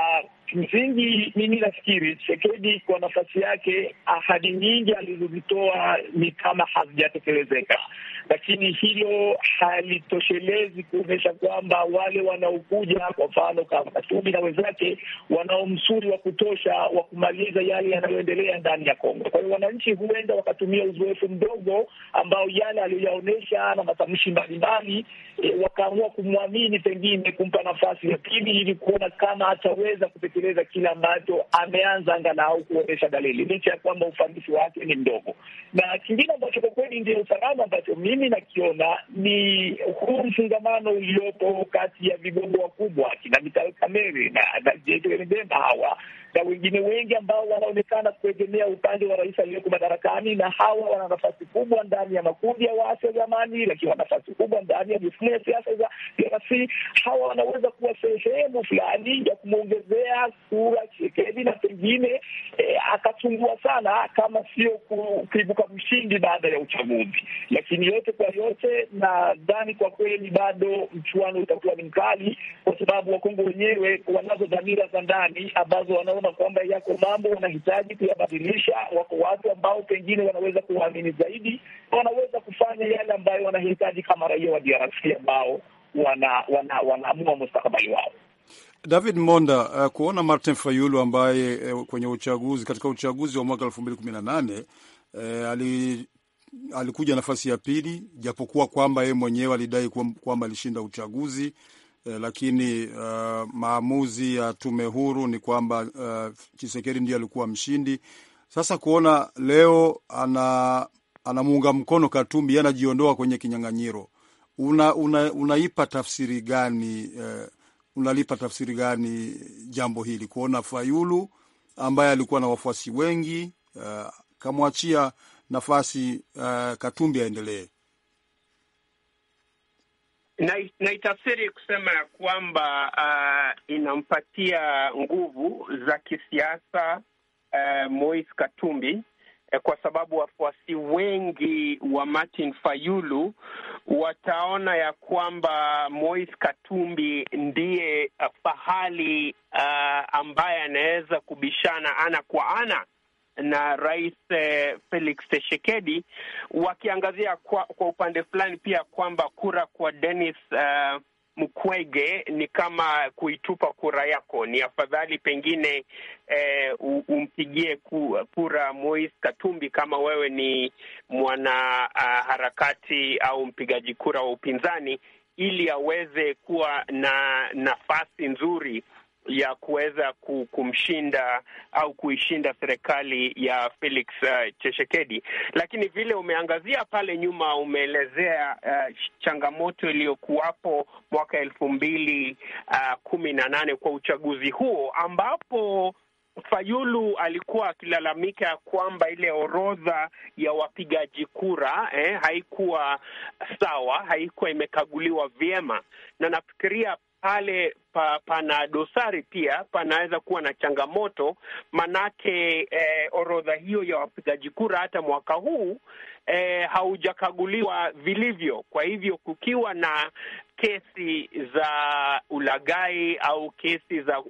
Kimsingi mimi nafikiri Chekedi kwa nafasi yake, ahadi nyingi alizozitoa ni kama hazijatekelezeka, lakini hilo halitoshelezi kuonyesha kwamba wale wanaokuja, kwa mfano kama Katumbi na wenzake, wanao msuri wa kutosha wa kumaliza yale yanayoendelea ndani ya Kongo. Kwa hiyo wananchi huenda wakatumia uzoefu mdogo ambao yale aliyoyaonyesha na matamshi mbalimbali, e, wakaamua kumwamini, pengine kumpa nafasi ya pili ili kuona kama ataweza kutekeleza kutekeleza kile ambacho ameanza angalau kuonyesha dalili, licha ya kwamba ufanisi wake ni mdogo. Na kingine ambacho kwa kweli ndio usalama ambacho mimi nakiona ni huu mfungamano uliopo kati ya vigogo wakubwa kina Vital Kamerhe na Jay Chadema hawa na wengine wengi ambao wanaonekana kuegemea upande wa rais aliyoko madarakani, na hawa wana nafasi kubwa ndani ya makundi ya waasi wa zamani, lakini wana nafasi kubwa ndani ya mifumo ya siasa za DRC. Hawa wanaweza kuwa sehemu fulani ya kumwongezea kura Chisekedi, na pengine eh, akachungua sana kama sio kuibuka mshindi baada ya uchaguzi. Lakini yote kwa yote, nadhani kwa kweli bado mchuano utakuwa ni mkali, kwa sababu Wakongo wenyewe wanazo dhamira za ndani ambazo wanaona kusema kwamba yako mambo unahitaji kuyabadilisha. Wako watu ambao pengine wanaweza kuwaamini zaidi, wanaweza kufanya yale ambayo wanahitaji kama raia wa DRC ambao wana wanaamua mustakabali wao. David Monda, uh, kuona Martin Fayulu ambaye uh, kwenye uchaguzi katika uchaguzi wa mwaka elfu mbili kumi na nane uh, ali alikuja nafasi ya pili, japokuwa kwamba yeye mwenyewe alidai kwamba alishinda uchaguzi Eh, lakini uh, maamuzi ya tume huru ni kwamba uh, ndiye alikuwa mshindi. Sasa kuona leo ana anamuunga mkono Katumbi, anajiondoa kwenye kinyang'anyiro, una, una, unaipa tafsiri gani uh, unalipa tafsiri gani jambo hili, kuona Fayulu ambaye alikuwa na wafuasi wengi uh, kamwachia nafasi uh, Katumbi aendelee? Naitafsiri na kusema ya kwamba uh, inampatia nguvu za kisiasa uh, Moise Katumbi eh, kwa sababu wafuasi wengi wa Martin Fayulu wataona ya kwamba Moise Katumbi ndiye fahali uh, ambaye anaweza kubishana ana kwa ana na Rais eh, Felix Tshisekedi wakiangazia kwa, kwa upande fulani pia kwamba kura kwa Denis uh, eh, Mukwege ni kama kuitupa kura yako, ni afadhali pengine eh, umpigie kura Moise Katumbi kama wewe ni mwanaharakati ah, uh, au mpigaji kura wa upinzani, ili aweze kuwa na nafasi nzuri ya kuweza kumshinda au kuishinda serikali ya Felix uh, Tshisekedi, lakini vile umeangazia pale nyuma, umeelezea uh, changamoto iliyokuwapo mwaka elfu mbili uh, kumi na nane kwa uchaguzi huo ambapo Fayulu alikuwa akilalamika kwamba ile orodha ya wapigaji kura eh, haikuwa sawa, haikuwa imekaguliwa vyema, na nafikiria pale pa, pana dosari pia panaweza kuwa na changamoto manake, eh, orodha hiyo ya wapigaji kura hata mwaka huu eh, haujakaguliwa vilivyo. Kwa hivyo kukiwa na kesi za ulagai au kesi za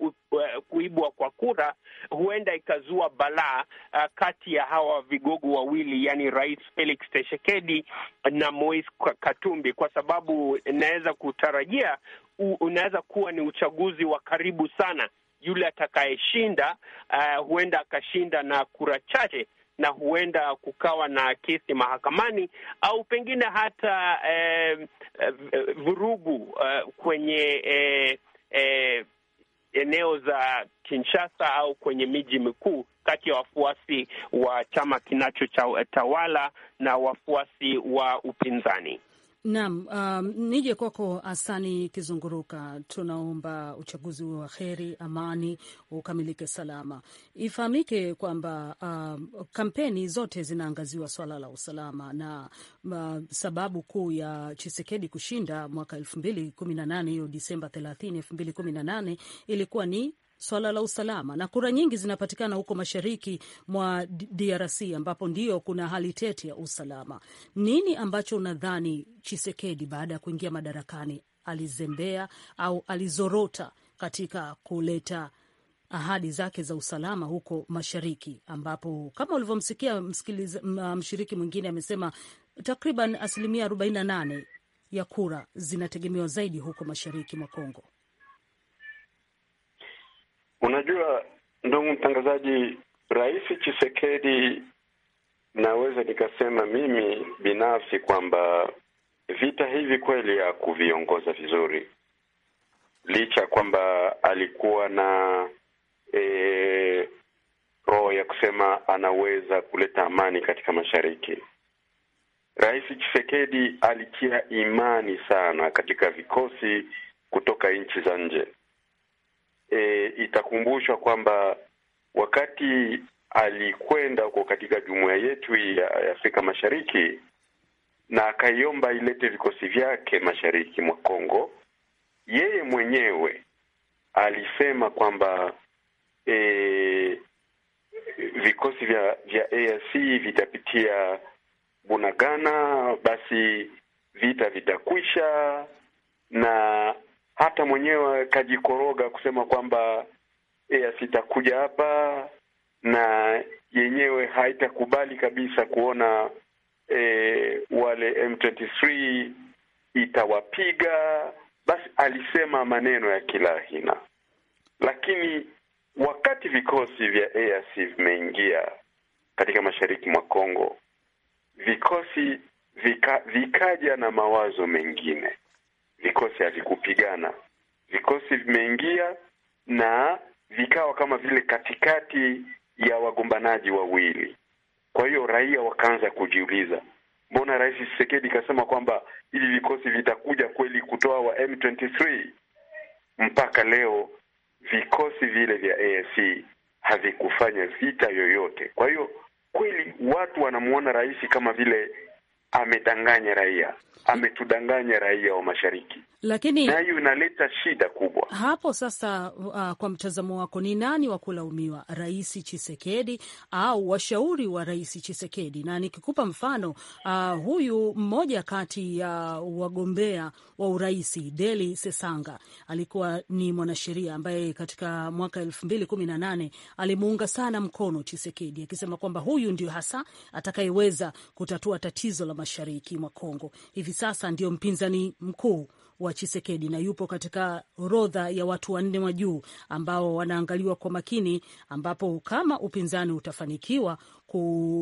kuibwa kwa kura huenda ikazua balaa uh, kati ya hawa vigogo wawili, yani Rais Felix Tshisekedi na Moise Katumbi, kwa sababu inaweza kutarajia unaweza kuwa ni uchaguzi wa karibu sana. Yule atakayeshinda uh, huenda akashinda na kura chache na huenda kukawa na kesi mahakamani au pengine hata e, e, vurugu e, kwenye e, e, eneo za Kinshasa au kwenye miji mikuu kati ya wafuasi wa chama kinachotawala na wafuasi wa upinzani. Naam, um, nije kwako Asani Kizunguruka, tunaomba uchaguzi huo wa heri, amani ukamilike salama. Ifahamike kwamba um, kampeni zote zinaangaziwa swala la usalama na uh, sababu kuu ya Chisekedi kushinda mwaka elfu mbili kumi na nane hiyo Disemba thelathini elfu mbili kumi na nane ilikuwa ni swala la usalama, na kura nyingi zinapatikana huko mashariki mwa DRC ambapo ndio kuna hali tete ya usalama. Nini ambacho unadhani Chisekedi baada ya kuingia madarakani alizembea au alizorota katika kuleta ahadi zake za usalama huko mashariki, ambapo kama ulivyomsikia mshiriki mwingine amesema takriban asilimia 48 ya kura zinategemewa zaidi huko mashariki mwa Kongo. Unajua ndugu mtangazaji, Rais chisekedi naweza nikasema mimi binafsi kwamba vita hivi kweli ya kuviongoza vizuri, licha kwamba alikuwa na e, roho ya kusema anaweza kuleta amani katika mashariki. Rais chisekedi alitia imani sana katika vikosi kutoka nchi za nje e, itakumbushwa kwamba wakati alikwenda huko katika jumuiya yetu ya Afrika Mashariki na akaiomba ilete vikosi vyake mashariki mwa Kongo, yeye mwenyewe alisema kwamba e, vikosi vya vya AFC vitapitia Bunagana, basi vita vitakwisha na hata mwenyewe kajikoroga kusema kwamba EAC eh, itakuja hapa na yenyewe haitakubali kabisa kuona e, wale M23 itawapiga. Basi alisema maneno ya kila aina, lakini wakati vikosi vya EAC vimeingia katika mashariki mwa Kongo, vikosi vika, vikaja na mawazo mengine vikosi havikupigana. Vikosi vimeingia na vikawa kama vile katikati ya wagombanaji wawili. Kwa hiyo raia wakaanza kujiuliza, mbona Rais Tshisekedi kasema kwamba hivi vikosi vitakuja kweli kutoa wa M23? Mpaka leo vikosi vile vya AFC havikufanya vita yoyote. Kwa hiyo kweli watu wanamuona rais kama vile amedanganya raia, ametudanganya raia wa mashariki lakini nayo inaleta shida kubwa hapo sasa. Uh, kwa mtazamo wako ni nani wa kulaumiwa, Rais Chisekedi au washauri wa Rais Chisekedi? Na nikikupa mfano uh, huyu mmoja kati ya uh, wagombea wa uraisi Deli Sesanga alikuwa ni mwanasheria ambaye katika mwaka elfu mbili kumi na nane alimuunga sana mkono Chisekedi akisema kwamba huyu ndio hasa atakayeweza kutatua tatizo la mashariki mwa Kongo. Hivi sasa ndio mpinzani mkuu wa Chisekedi na yupo katika orodha ya watu wanne wa juu ambao wanaangaliwa kwa makini, ambapo kama upinzani utafanikiwa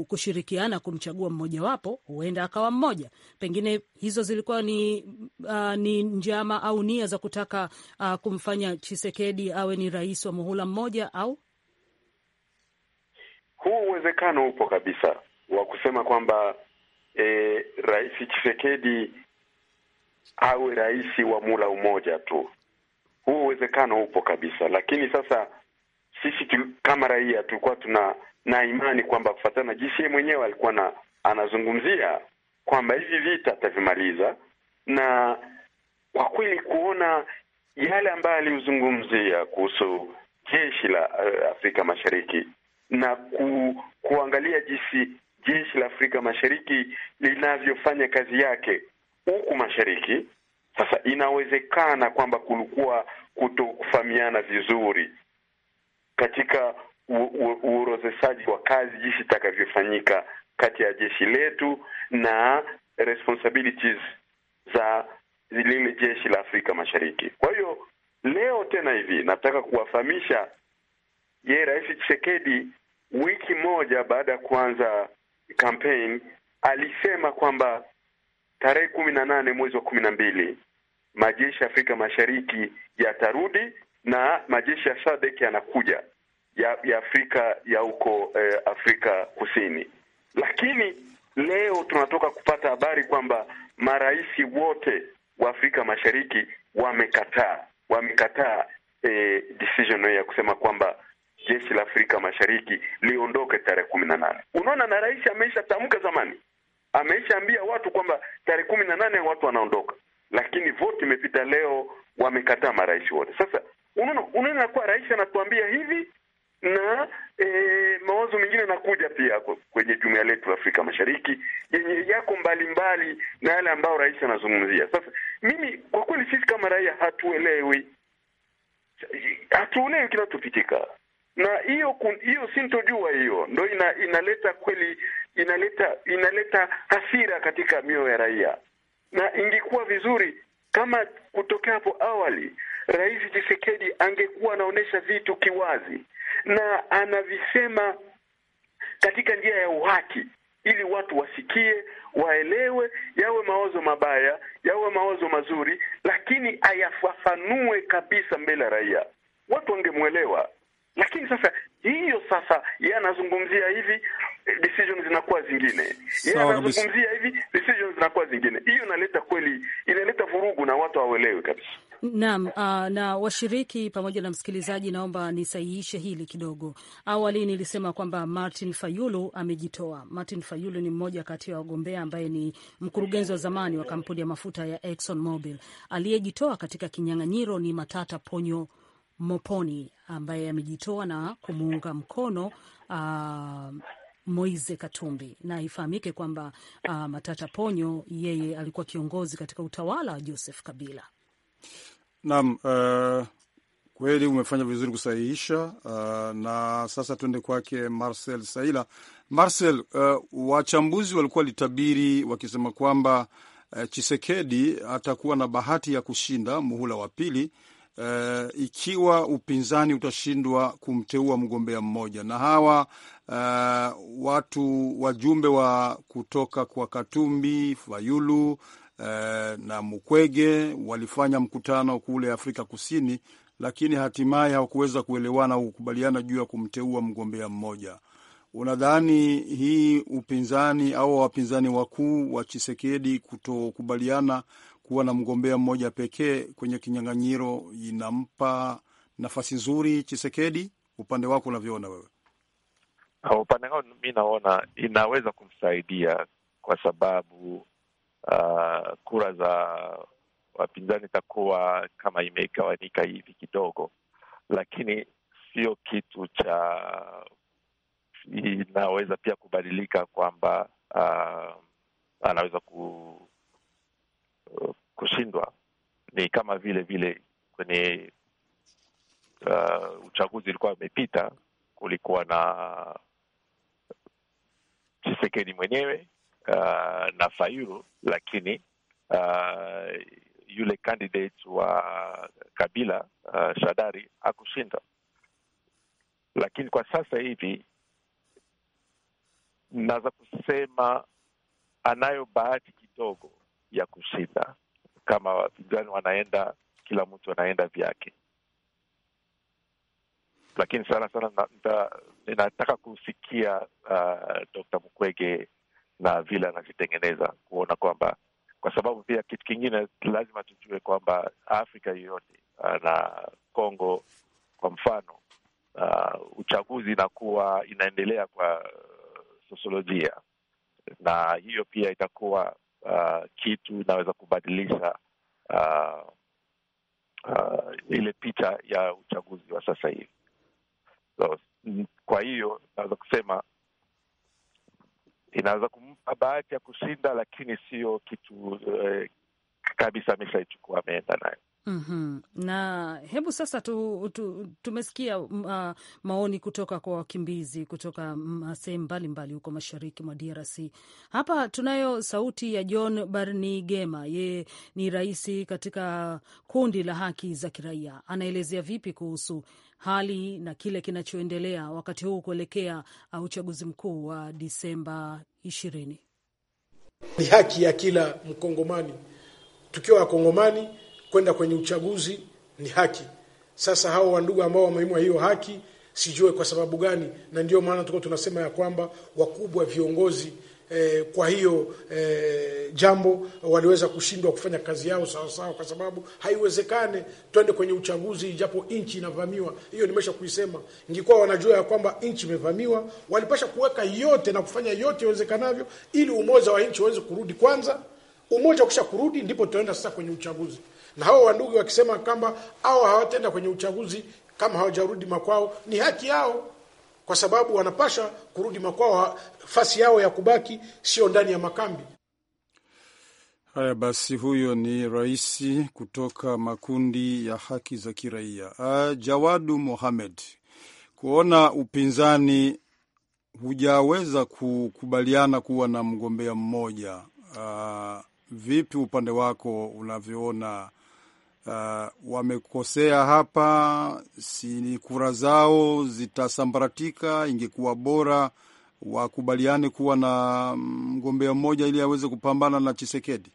kushirikiana kumchagua mmojawapo, huenda akawa mmoja. Pengine hizo zilikuwa ni, uh, ni njama au nia za kutaka uh, kumfanya Chisekedi awe ni rais wa muhula mmoja au huu uwezekano upo kabisa wa kusema kwamba e, Rais chisekedi awe rais wa mula umoja tu. Huu uwezekano upo kabisa, lakini sasa sisi tu, kama raia tulikuwa tuna na imani kwamba kufuatana na GCM mwenyewe alikuwa na anazungumzia kwamba hivi vita atavimaliza, na kwa kweli kuona yale ambayo alizungumzia kuhusu jeshi la uh, Afrika Mashariki na ku, kuangalia jinsi jeshi la Afrika Mashariki linavyofanya kazi yake huku mashariki. Sasa inawezekana kwamba kulikuwa kutofahamiana vizuri katika uorozeshaji wa kazi jinsi itakavyofanyika kati ya jeshi letu na responsibilities za lile jeshi la Afrika Mashariki. Kwa hiyo leo tena hivi nataka kuwafahamisha, ye Rais Tshisekedi wiki moja baada ya kuanza campaign alisema kwamba tarehe kumi na nane mwezi wa kumi na mbili majeshi ya Afrika Mashariki yatarudi na majeshi ya SADC yanakuja ya, ya Afrika ya huko eh, Afrika Kusini. Lakini leo tunatoka kupata habari kwamba marais wote wa Afrika Mashariki wamekataa wamekataa eh, decision ya kusema kwamba jeshi la Afrika Mashariki liondoke tarehe kumi na nane. Unaona, na rais tamka zamani ameshaambia watu kwamba tarehe kumi na nane watu wanaondoka, lakini voti imepita leo, wamekataa marais wote. Sasa unaona, unaona kuwa rais anatuambia hivi na e, mawazo mengine anakuja pia kwenye jumuiya letu la Afrika Mashariki yenye yako mbalimbali mbali na yale ambayo rais anazungumzia. Sasa mimi kwa kweli, sisi kama raia hatuelewi, hatuelewi kinachopitika na hiyo hiyo sintojua hiyo ndo ina, inaleta kweli inaleta inaleta hasira katika mioyo ya raia, na ingekuwa vizuri kama kutokea hapo awali Rais Tshisekedi angekuwa anaonyesha vitu kiwazi na anavisema katika njia ya uhaki ili watu wasikie, waelewe, yawe mawazo mabaya, yawe mawazo mazuri, lakini ayafafanue kabisa mbele ya raia, watu wangemwelewa. Lakini sasa hiyo sasa, yeye anazungumzia hivi, decision zinakuwa zingine, yeye anazungumzia hivi, decision zinakuwa zingine. Hiyo inaleta kweli, inaleta vurugu na watu hawaelewi kabisa. Naam, uh, na washiriki pamoja na msikilizaji, naomba nisahihishe hili kidogo. Awali nilisema kwamba Martin Fayulu amejitoa. Martin Fayulu ni mmoja kati ya wagombea ambaye ni mkurugenzi wa zamani wa kampuni ya mafuta ya Exxon Mobil. Aliyejitoa katika kinyang'anyiro ni Matata Ponyo Moponi ambaye amejitoa na kumuunga mkono uh, Moise Katumbi na ifahamike kwamba uh, Matata Ponyo yeye alikuwa kiongozi katika utawala wa Joseph Kabila. Naam, uh, kweli umefanya vizuri kusahihisha. Uh, na sasa tuende kwake Marcel Saila. Marcel, uh, wachambuzi walikuwa litabiri wakisema kwamba uh, Chisekedi atakuwa na bahati ya kushinda muhula wa pili uh, ikiwa upinzani utashindwa kumteua mgombea mmoja, na hawa uh, watu wajumbe wa kutoka kwa Katumbi, Fayulu uh, na Mukwege walifanya mkutano kule Afrika Kusini, lakini hatimaye hawakuweza kuelewana au kukubaliana juu ya kumteua mgombea mmoja. Unadhani hii upinzani au wapinzani wakuu wa Chisekedi kutokubaliana kuwa na mgombea mmoja pekee kwenye kinyang'anyiro inampa nafasi nzuri Chisekedi? Upande wako unavyoona wewe? Ah, upande wangu mi naona inaweza kumsaidia kwa sababu uh, kura za wapinzani itakuwa kama imegawanika hivi kidogo, lakini sio kitu cha inaweza pia kubadilika kwamba uh, anaweza ku, uh, kushindwa. Ni kama vile vile kwenye uh, uchaguzi ulikuwa umepita, kulikuwa na Chisekedi mwenyewe uh, na Fayulu, lakini uh, yule candidate wa Kabila uh, Shadari hakushinda, lakini kwa sasa hivi naweza kusema anayo bahati kidogo ya kushinda, kama wapinzani wanaenda, kila mtu anaenda vyake. Lakini sana sana ninataka kusikia uh, Dr. Mukwege na vile anavitengeneza kuona kwamba kwa sababu pia kitu kingine lazima tujue kwamba Afrika yoyote uh, na Kongo kwa mfano, uh, uchaguzi inakuwa inaendelea kwa sosiolojia, na hiyo pia itakuwa uh, kitu inaweza kubadilisha uh, uh, ile picha ya uchaguzi wa sasa hivi. So, kwa hiyo inaweza kusema inaweza kumpa bahati ya kushinda, lakini sio kitu uh, kabisa ameshaichukua ameenda nayo. Mm -hmm. Na hebu sasa tu, tu, tumesikia uh, maoni kutoka kwa wakimbizi kutoka mm, sehemu mbalimbali huko mashariki mwa DRC. Hapa tunayo sauti ya John Barnigema, yeye ni rais katika kundi la haki za kiraia. Anaelezea vipi kuhusu hali na kile kinachoendelea wakati huu kuelekea uh, uchaguzi mkuu wa uh, Disemba ishirini? Ni haki ya kila Mkongomani tukiwa Wakongomani kwenda kwenye uchaguzi ni haki. Sasa hao wandugu ambao wameimwa hiyo haki sijue kwa sababu gani, na ndio maana tuko tunasema ya kwamba wakubwa viongozi eh, kwa hiyo eh, jambo waliweza kushindwa kufanya kazi yao sawa sawa, kwa sababu haiwezekane twende kwenye uchaguzi ijapo nchi inavamiwa. Hiyo nimesha kuisema. Ingekuwa wanajua ya kwamba nchi imevamiwa, walipasha kuweka yote na kufanya yote iwezekanavyo ili umoja wa nchi uweze kurudi kwanza. Umoja ukisha kurudi, ndipo tunaenda sasa kwenye uchaguzi na hao wandugu wakisema kwamba au hawatenda kwenye uchaguzi kama hawajarudi makwao, ni haki yao, kwa sababu wanapasha kurudi makwao. fasi yao ya kubaki sio ndani ya makambi haya. Basi huyo ni rais kutoka makundi ya haki za kiraia uh, Jawadu Mohamed. Kuona upinzani hujaweza kukubaliana kuwa na mgombea mmoja uh, vipi upande wako unavyoona uh, wamekosea hapa, si kura zao zitasambaratika. Ingekuwa bora wakubaliane kuwa na mgombea mmoja ili aweze kupambana na Chisekedi.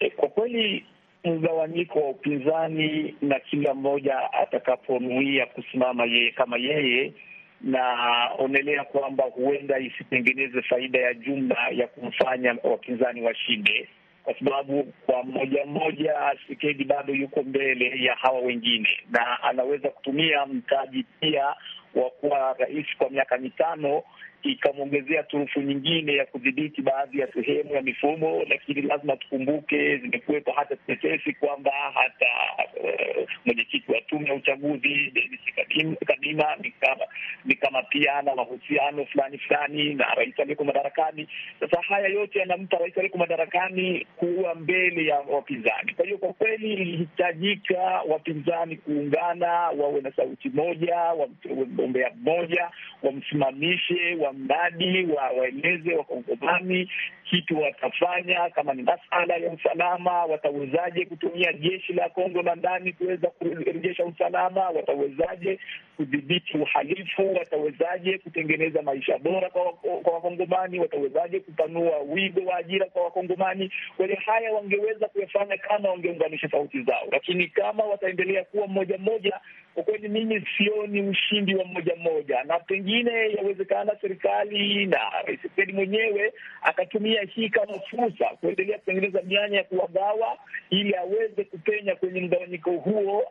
E, kwa kweli mgawanyiko wa upinzani na kila mmoja atakaponuia kusimama yeye kama yeye na onelea kwamba huenda isitengeneze faida ya jumla ya kumfanya wapinzani washinde kwa sababu kwa mmoja mmoja Sikedi bado yuko mbele ya hawa wengine, na anaweza kutumia mtaji pia wa kuwa rais kwa miaka mitano ikamwongezea turufu nyingine ya kudhibiti baadhi ya sehemu ya mifumo, lakini lazima tukumbuke, zimekuwepo hata tetesi kwamba hata uh, mwenyekiti wa tume ya uchaguzi Denis Kadima ni kama pia ana mahusiano fulani fulani na rais aliyeko madarakani. Sasa haya yote yanampa rais aliyeko madarakani kuwa mbele ya wapinzani. Kwa hiyo kwa kweli ilihitajika wapinzani kuungana, wawe na sauti moja, wamteue mgombea mmoja, wamsimamishe wa mradi wawaeleze Wakongomani kitu watafanya, kama ni masala ya usalama, watawezaje kutumia jeshi la Kongo la ndani kuweza kurejesha usalama? Watawezaje kudhibiti uhalifu? Watawezaje kutengeneza maisha bora kwa Wakongomani? Watawezaje kupanua wigo wa ajira kwa Wakongomani? Kwa hiyo haya wangeweza kuyafanya kama wangeunganisha sauti zao, lakini kama wataendelea kuwa mmoja mmoja, kwa kweli mimi sioni ushindi wa moja mmoja, na pengine yawezekana serikali na rais mwenyewe akatumia hii kama fursa kuendelea kutengeneza mianya ya kuwagawa ili aweze kupenya kwenye mgawanyiko huo,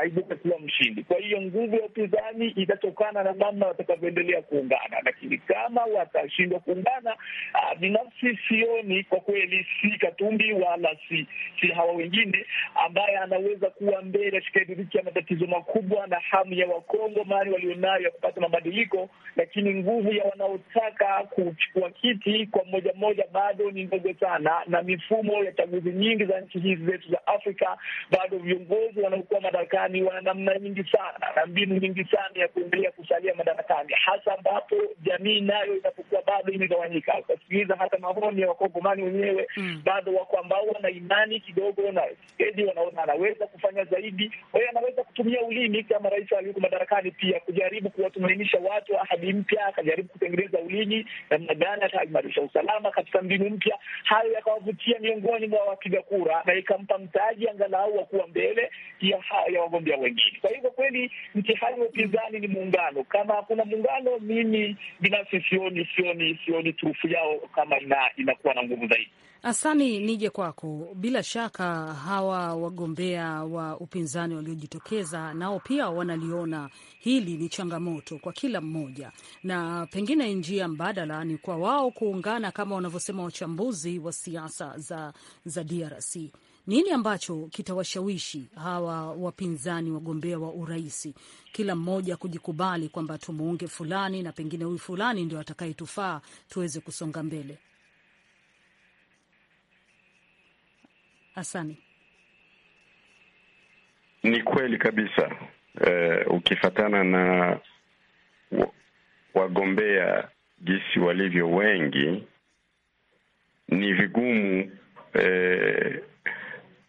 aibuke kuwa mshindi. Kwa hiyo nguvu ya upinzani itatokana na namna watakavyoendelea kuungana, lakini kama watashindwa kuungana, binafsi sioni kwa kweli, si Katumbi wala si, si hawa wengine ambaye anaweza kuwa mbele ashikadiriki ya matatizo makubwa na hamu ya Wakongo mani walionayo ya kupata mabadiliko, lakini nguvu ya wanaotaka kuchukua kiti kwa moja moja bado ni ndogo sana, na mifumo ya chaguzi nyingi za nchi hizi zetu za Afrika, bado viongozi wanaokuwa madarakani wana namna nyingi sana na mbinu nyingi sana ya kuendelea kusalia madarakani, hasa ambapo jamii nayo inapokuwa bado imegawanyika. Utasikiliza hata maoni ya wakongomani wenyewe mm. bado wako ambao wana imani kidogo na Tshisekedi, wanaona anaweza kufanya zaidi. Kwa hiyo anaweza kutumia ulimi kama rais aliyoko madarakani, pia kujaribu kuwatumainisha watu ahadi mpya, akajaribu kutengeneza ulimi namna gani ataimarisha usalama usalama katika mbinu mpya. Hayo yakawavutia miongoni mwa wapiga kura na ikampa mtaji angalau wa kuwa mbele ya, ya wagombea wengine. Kwa hivyo kweli mtihani wa upinzani ni muungano. Kama hakuna muungano, mimi binafsi sioni sioni sioni turufu yao kama ina, inakuwa na nguvu zaidi. Asani, nije kwako. Bila shaka hawa wagombea wa upinzani waliojitokeza nao pia wanaliona hili ni changamoto kwa kila mmoja, na pengine njia mbadala ni kwa wao kuungana kama wanavyosema wachambuzi wa siasa za, za DRC. Nini ambacho kitawashawishi hawa wapinzani wagombea wa uraisi, kila mmoja kujikubali kwamba tumuunge fulani na pengine huyu fulani ndio atakayetufaa tuweze kusonga mbele? Asani, ni kweli kabisa eh, ukifatana na wagombea jinsi walivyo wengi ni vigumu eh,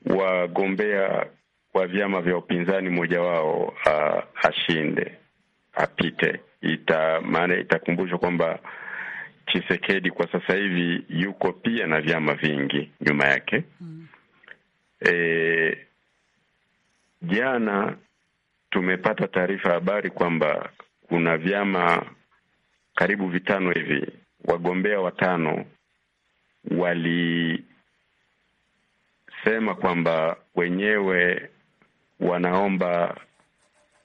wagombea wa vyama vya upinzani mmoja wao a, ashinde apite. Ita maana itakumbushwa kwamba Chisekedi kwa sasa hivi yuko pia na vyama vingi nyuma yake mm. E, jana tumepata taarifa habari kwamba kuna vyama karibu vitano hivi wagombea watano walisema kwamba wenyewe wanaomba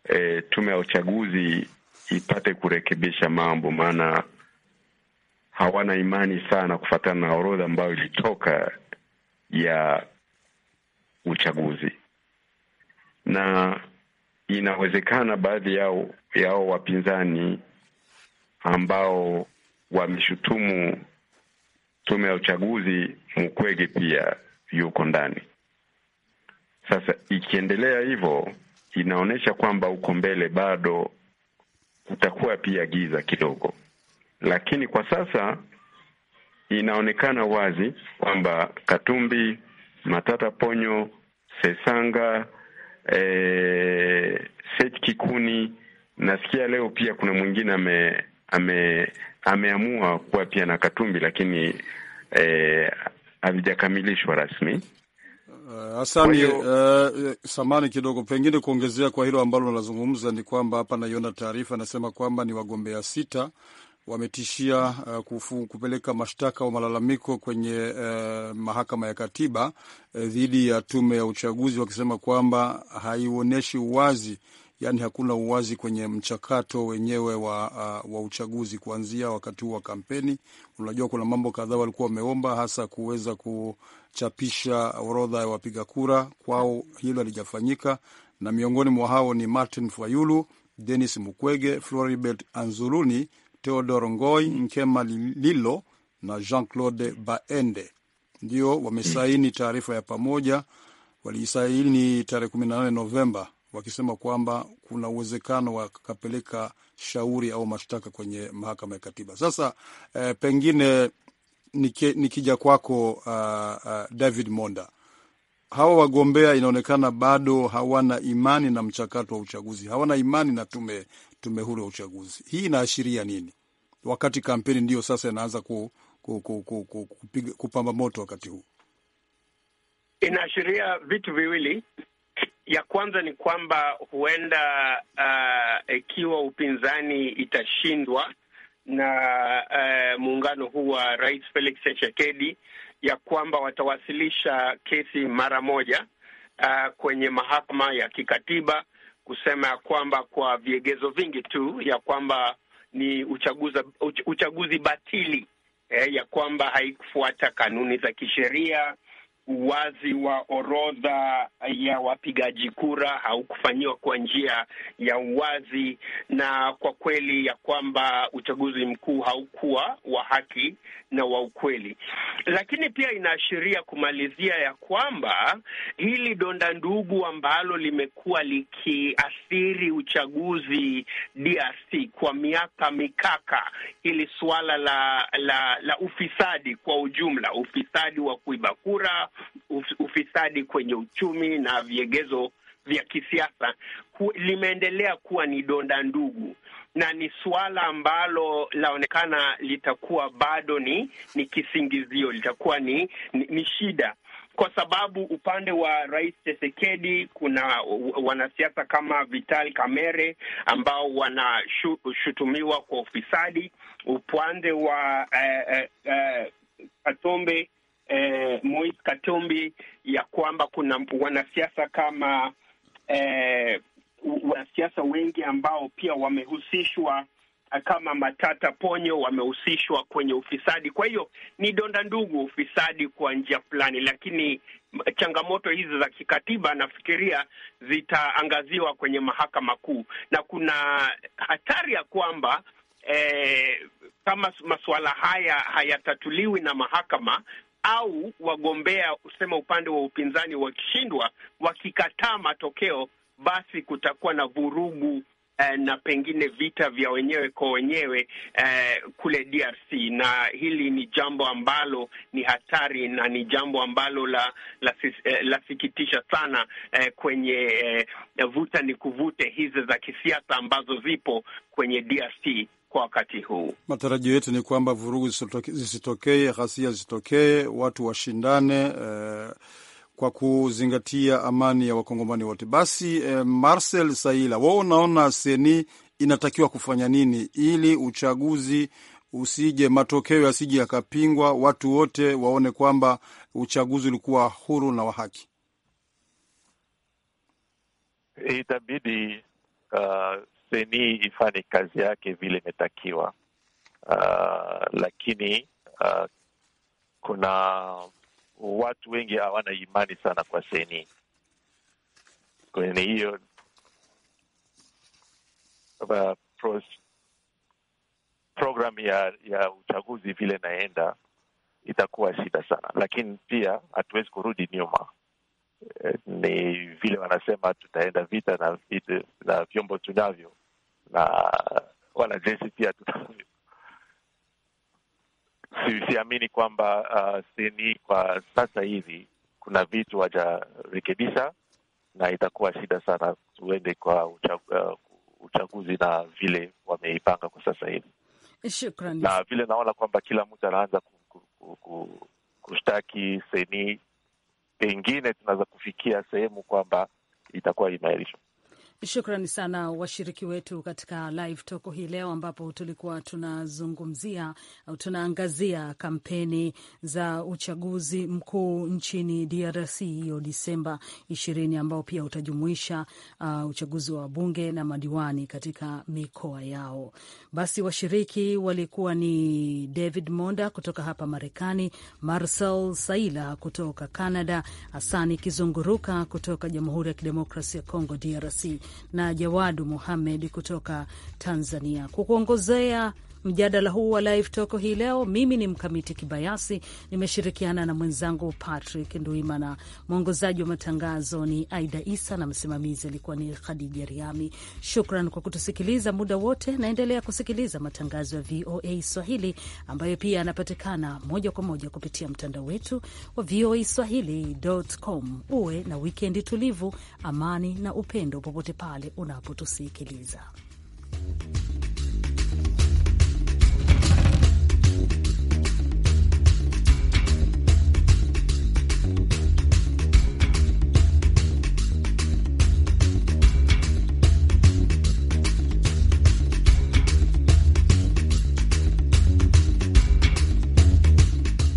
e, tume ya uchaguzi ipate kurekebisha mambo, maana hawana imani sana kufuatana na orodha ambayo ilitoka ya uchaguzi, na inawezekana baadhi yao yao wapinzani ambao wameshutumu tume ya uchaguzi Mukwege pia yuko ndani. Sasa ikiendelea hivyo, inaonyesha kwamba uko mbele bado kutakuwa pia giza kidogo, lakini kwa sasa inaonekana wazi kwamba Katumbi, Matata Ponyo, Sesanga, e, Seth Kikuni, nasikia leo pia kuna mwingine ame- ameamua kuwa pia na Katumbi, lakini eh, havijakamilishwa rasmi. Uh, Hasani, uh, uh, samani kidogo, pengine kuongezea kwa hilo ambalo unazungumza ni kwamba hapa naiona taarifa anasema kwamba ni wagombea sita wametishia uh, kufu, kupeleka mashtaka au malalamiko kwenye uh, mahakama ya katiba eh, dhidi uh, ya tume ya uchaguzi wakisema kwamba haionyeshi uwazi yani hakuna uwazi kwenye mchakato wenyewe wa, uh, wa uchaguzi kuanzia wakati huu wa kampeni. Unajua, kuna mambo kadhaa walikuwa wameomba, hasa kuweza kuchapisha orodha ya wapiga kura kwao, hilo halijafanyika, na miongoni mwa hao ni Martin Fayulu, Denis Mukwege, Floribert Anzuluni, Theodor Ngoi, Nkema Lilo na Jean Claude Baende ndio wamesaini taarifa ya pamoja, waliisaini tarehe nane Novemba wakisema kwamba kuna uwezekano wakapeleka shauri au mashtaka kwenye mahakama ya katiba. Sasa eh, pengine nikija kwako uh, uh, David Monda, hawa wagombea inaonekana bado hawana imani na mchakato wa uchaguzi, hawana imani na tume tume huru ya uchaguzi. Hii inaashiria nini, wakati kampeni ndiyo sasa inaanza ku, ku, ku, ku, ku, kupamba moto? Wakati huu inaashiria vitu viwili ya kwanza ni kwamba huenda uh, ikiwa upinzani itashindwa na uh, muungano huu wa Rais Felix Tshisekedi, ya kwamba watawasilisha kesi mara moja uh, kwenye mahakama ya kikatiba kusema ya kwamba kwa viegezo vingi tu ya kwamba ni uchaguzi, uchaguzi batili eh, ya kwamba haikufuata kanuni za kisheria uwazi wa orodha ya wapigaji kura haukufanyiwa kwa njia ya uwazi, na kwa kweli ya kwamba uchaguzi mkuu haukuwa wa haki na wa ukweli, lakini pia inaashiria kumalizia ya kwamba hili donda ndugu ambalo limekuwa likiathiri uchaguzi DRC kwa miaka mikaka, hili suala la, la la ufisadi kwa ujumla, ufisadi wa kuiba kura, ufisadi kwenye uchumi na viegezo vya kisiasa limeendelea kuwa ni donda ndugu na ni suala ambalo laonekana litakuwa bado ni ni kisingizio, litakuwa ni, ni, ni shida kwa sababu upande wa Rais chesekedi kuna wanasiasa kama Vital Kamerhe ambao wanashutumiwa kwa ufisadi. Upande wa eh, eh, eh Katombe eh, Moise Katombi ya kwamba kuna wanasiasa kama eh, wanasiasa wengi ambao pia wamehusishwa eh, kama Matata Ponyo wamehusishwa kwenye ufisadi. Kwa hiyo ni donda ndugu ufisadi kwa njia fulani, lakini changamoto hizi za kikatiba nafikiria zitaangaziwa kwenye mahakama kuu, na kuna hatari ya kwamba eh, kama masuala haya hayatatuliwi na mahakama au wagombea, usema upande wa upinzani, wakishindwa, wakikataa matokeo basi kutakuwa na vurugu eh, na pengine vita vya wenyewe kwa wenyewe eh, kule DRC, na hili ni jambo ambalo ni hatari na ni jambo ambalo la lasikitisha la eh, sana eh, kwenye eh, vuta ni kuvute hizi za kisiasa ambazo zipo kwenye DRC kwa wakati huu. Matarajio yetu ni kwamba vurugu zisitokee, ghasia zisitokee, watu washindane eh kwa kuzingatia amani ya wakongomani wote. Basi eh, Marcel Saila, wao unaona seni inatakiwa kufanya nini ili uchaguzi usije, matokeo yasije yakapingwa, watu wote waone kwamba uchaguzi ulikuwa huru na wa haki? Itabidi uh, seni ifanye kazi yake vile imetakiwa, uh, lakini uh, kuna watu wengi hawana imani sana kwa seni kwenye hiyo uh, pro, program ya ya uchaguzi vile naenda itakuwa shida sana, lakini pia hatuwezi kurudi nyuma. Eh, ni vile wanasema tutaenda vita na na vyombo tunavyo na wanajeshi pia tunavyo siamini kwamba uh, kwa sasa hivi kuna vitu wajarekebisha na itakuwa shida sana tuende kwa uh, uchaguzi na vile wameipanga kwa sasa hivi. Shukrani. Na vile naona kwamba kila mtu anaanza kushtaki seni, pengine tunaweza kufikia sehemu kwamba itakuwa imeahirishwa. Shukrani sana washiriki wetu katika live toko hii leo, ambapo tulikuwa tunazungumzia au tunaangazia kampeni za uchaguzi mkuu nchini DRC hiyo Disemba ishirini, ambao pia utajumuisha uh, uchaguzi wa bunge na madiwani katika mikoa yao. Basi washiriki walikuwa ni David Monda kutoka hapa Marekani, Marcel Saila kutoka Canada, hasani Kizunguruka kutoka Jamhuri ya kidemokrasi ya congo DRC na Jawadu Muhamed kutoka Tanzania kwa kuongozea mjadala huu wa Live Talk hii leo. Mimi ni Mkamiti Kibayasi, nimeshirikiana na mwenzangu Patrick Nduimana. Mwongozaji wa matangazo ni Aida Isa na msimamizi alikuwa ni Khadija Riami. Shukran kwa kutusikiliza muda wote. Naendelea kusikiliza matangazo ya VOA Swahili ambayo pia yanapatikana moja kwa moja kupitia mtandao wetu wa VOA Swahili.com. Uwe na wikendi tulivu, amani na upendo popote pale unapotusikiliza.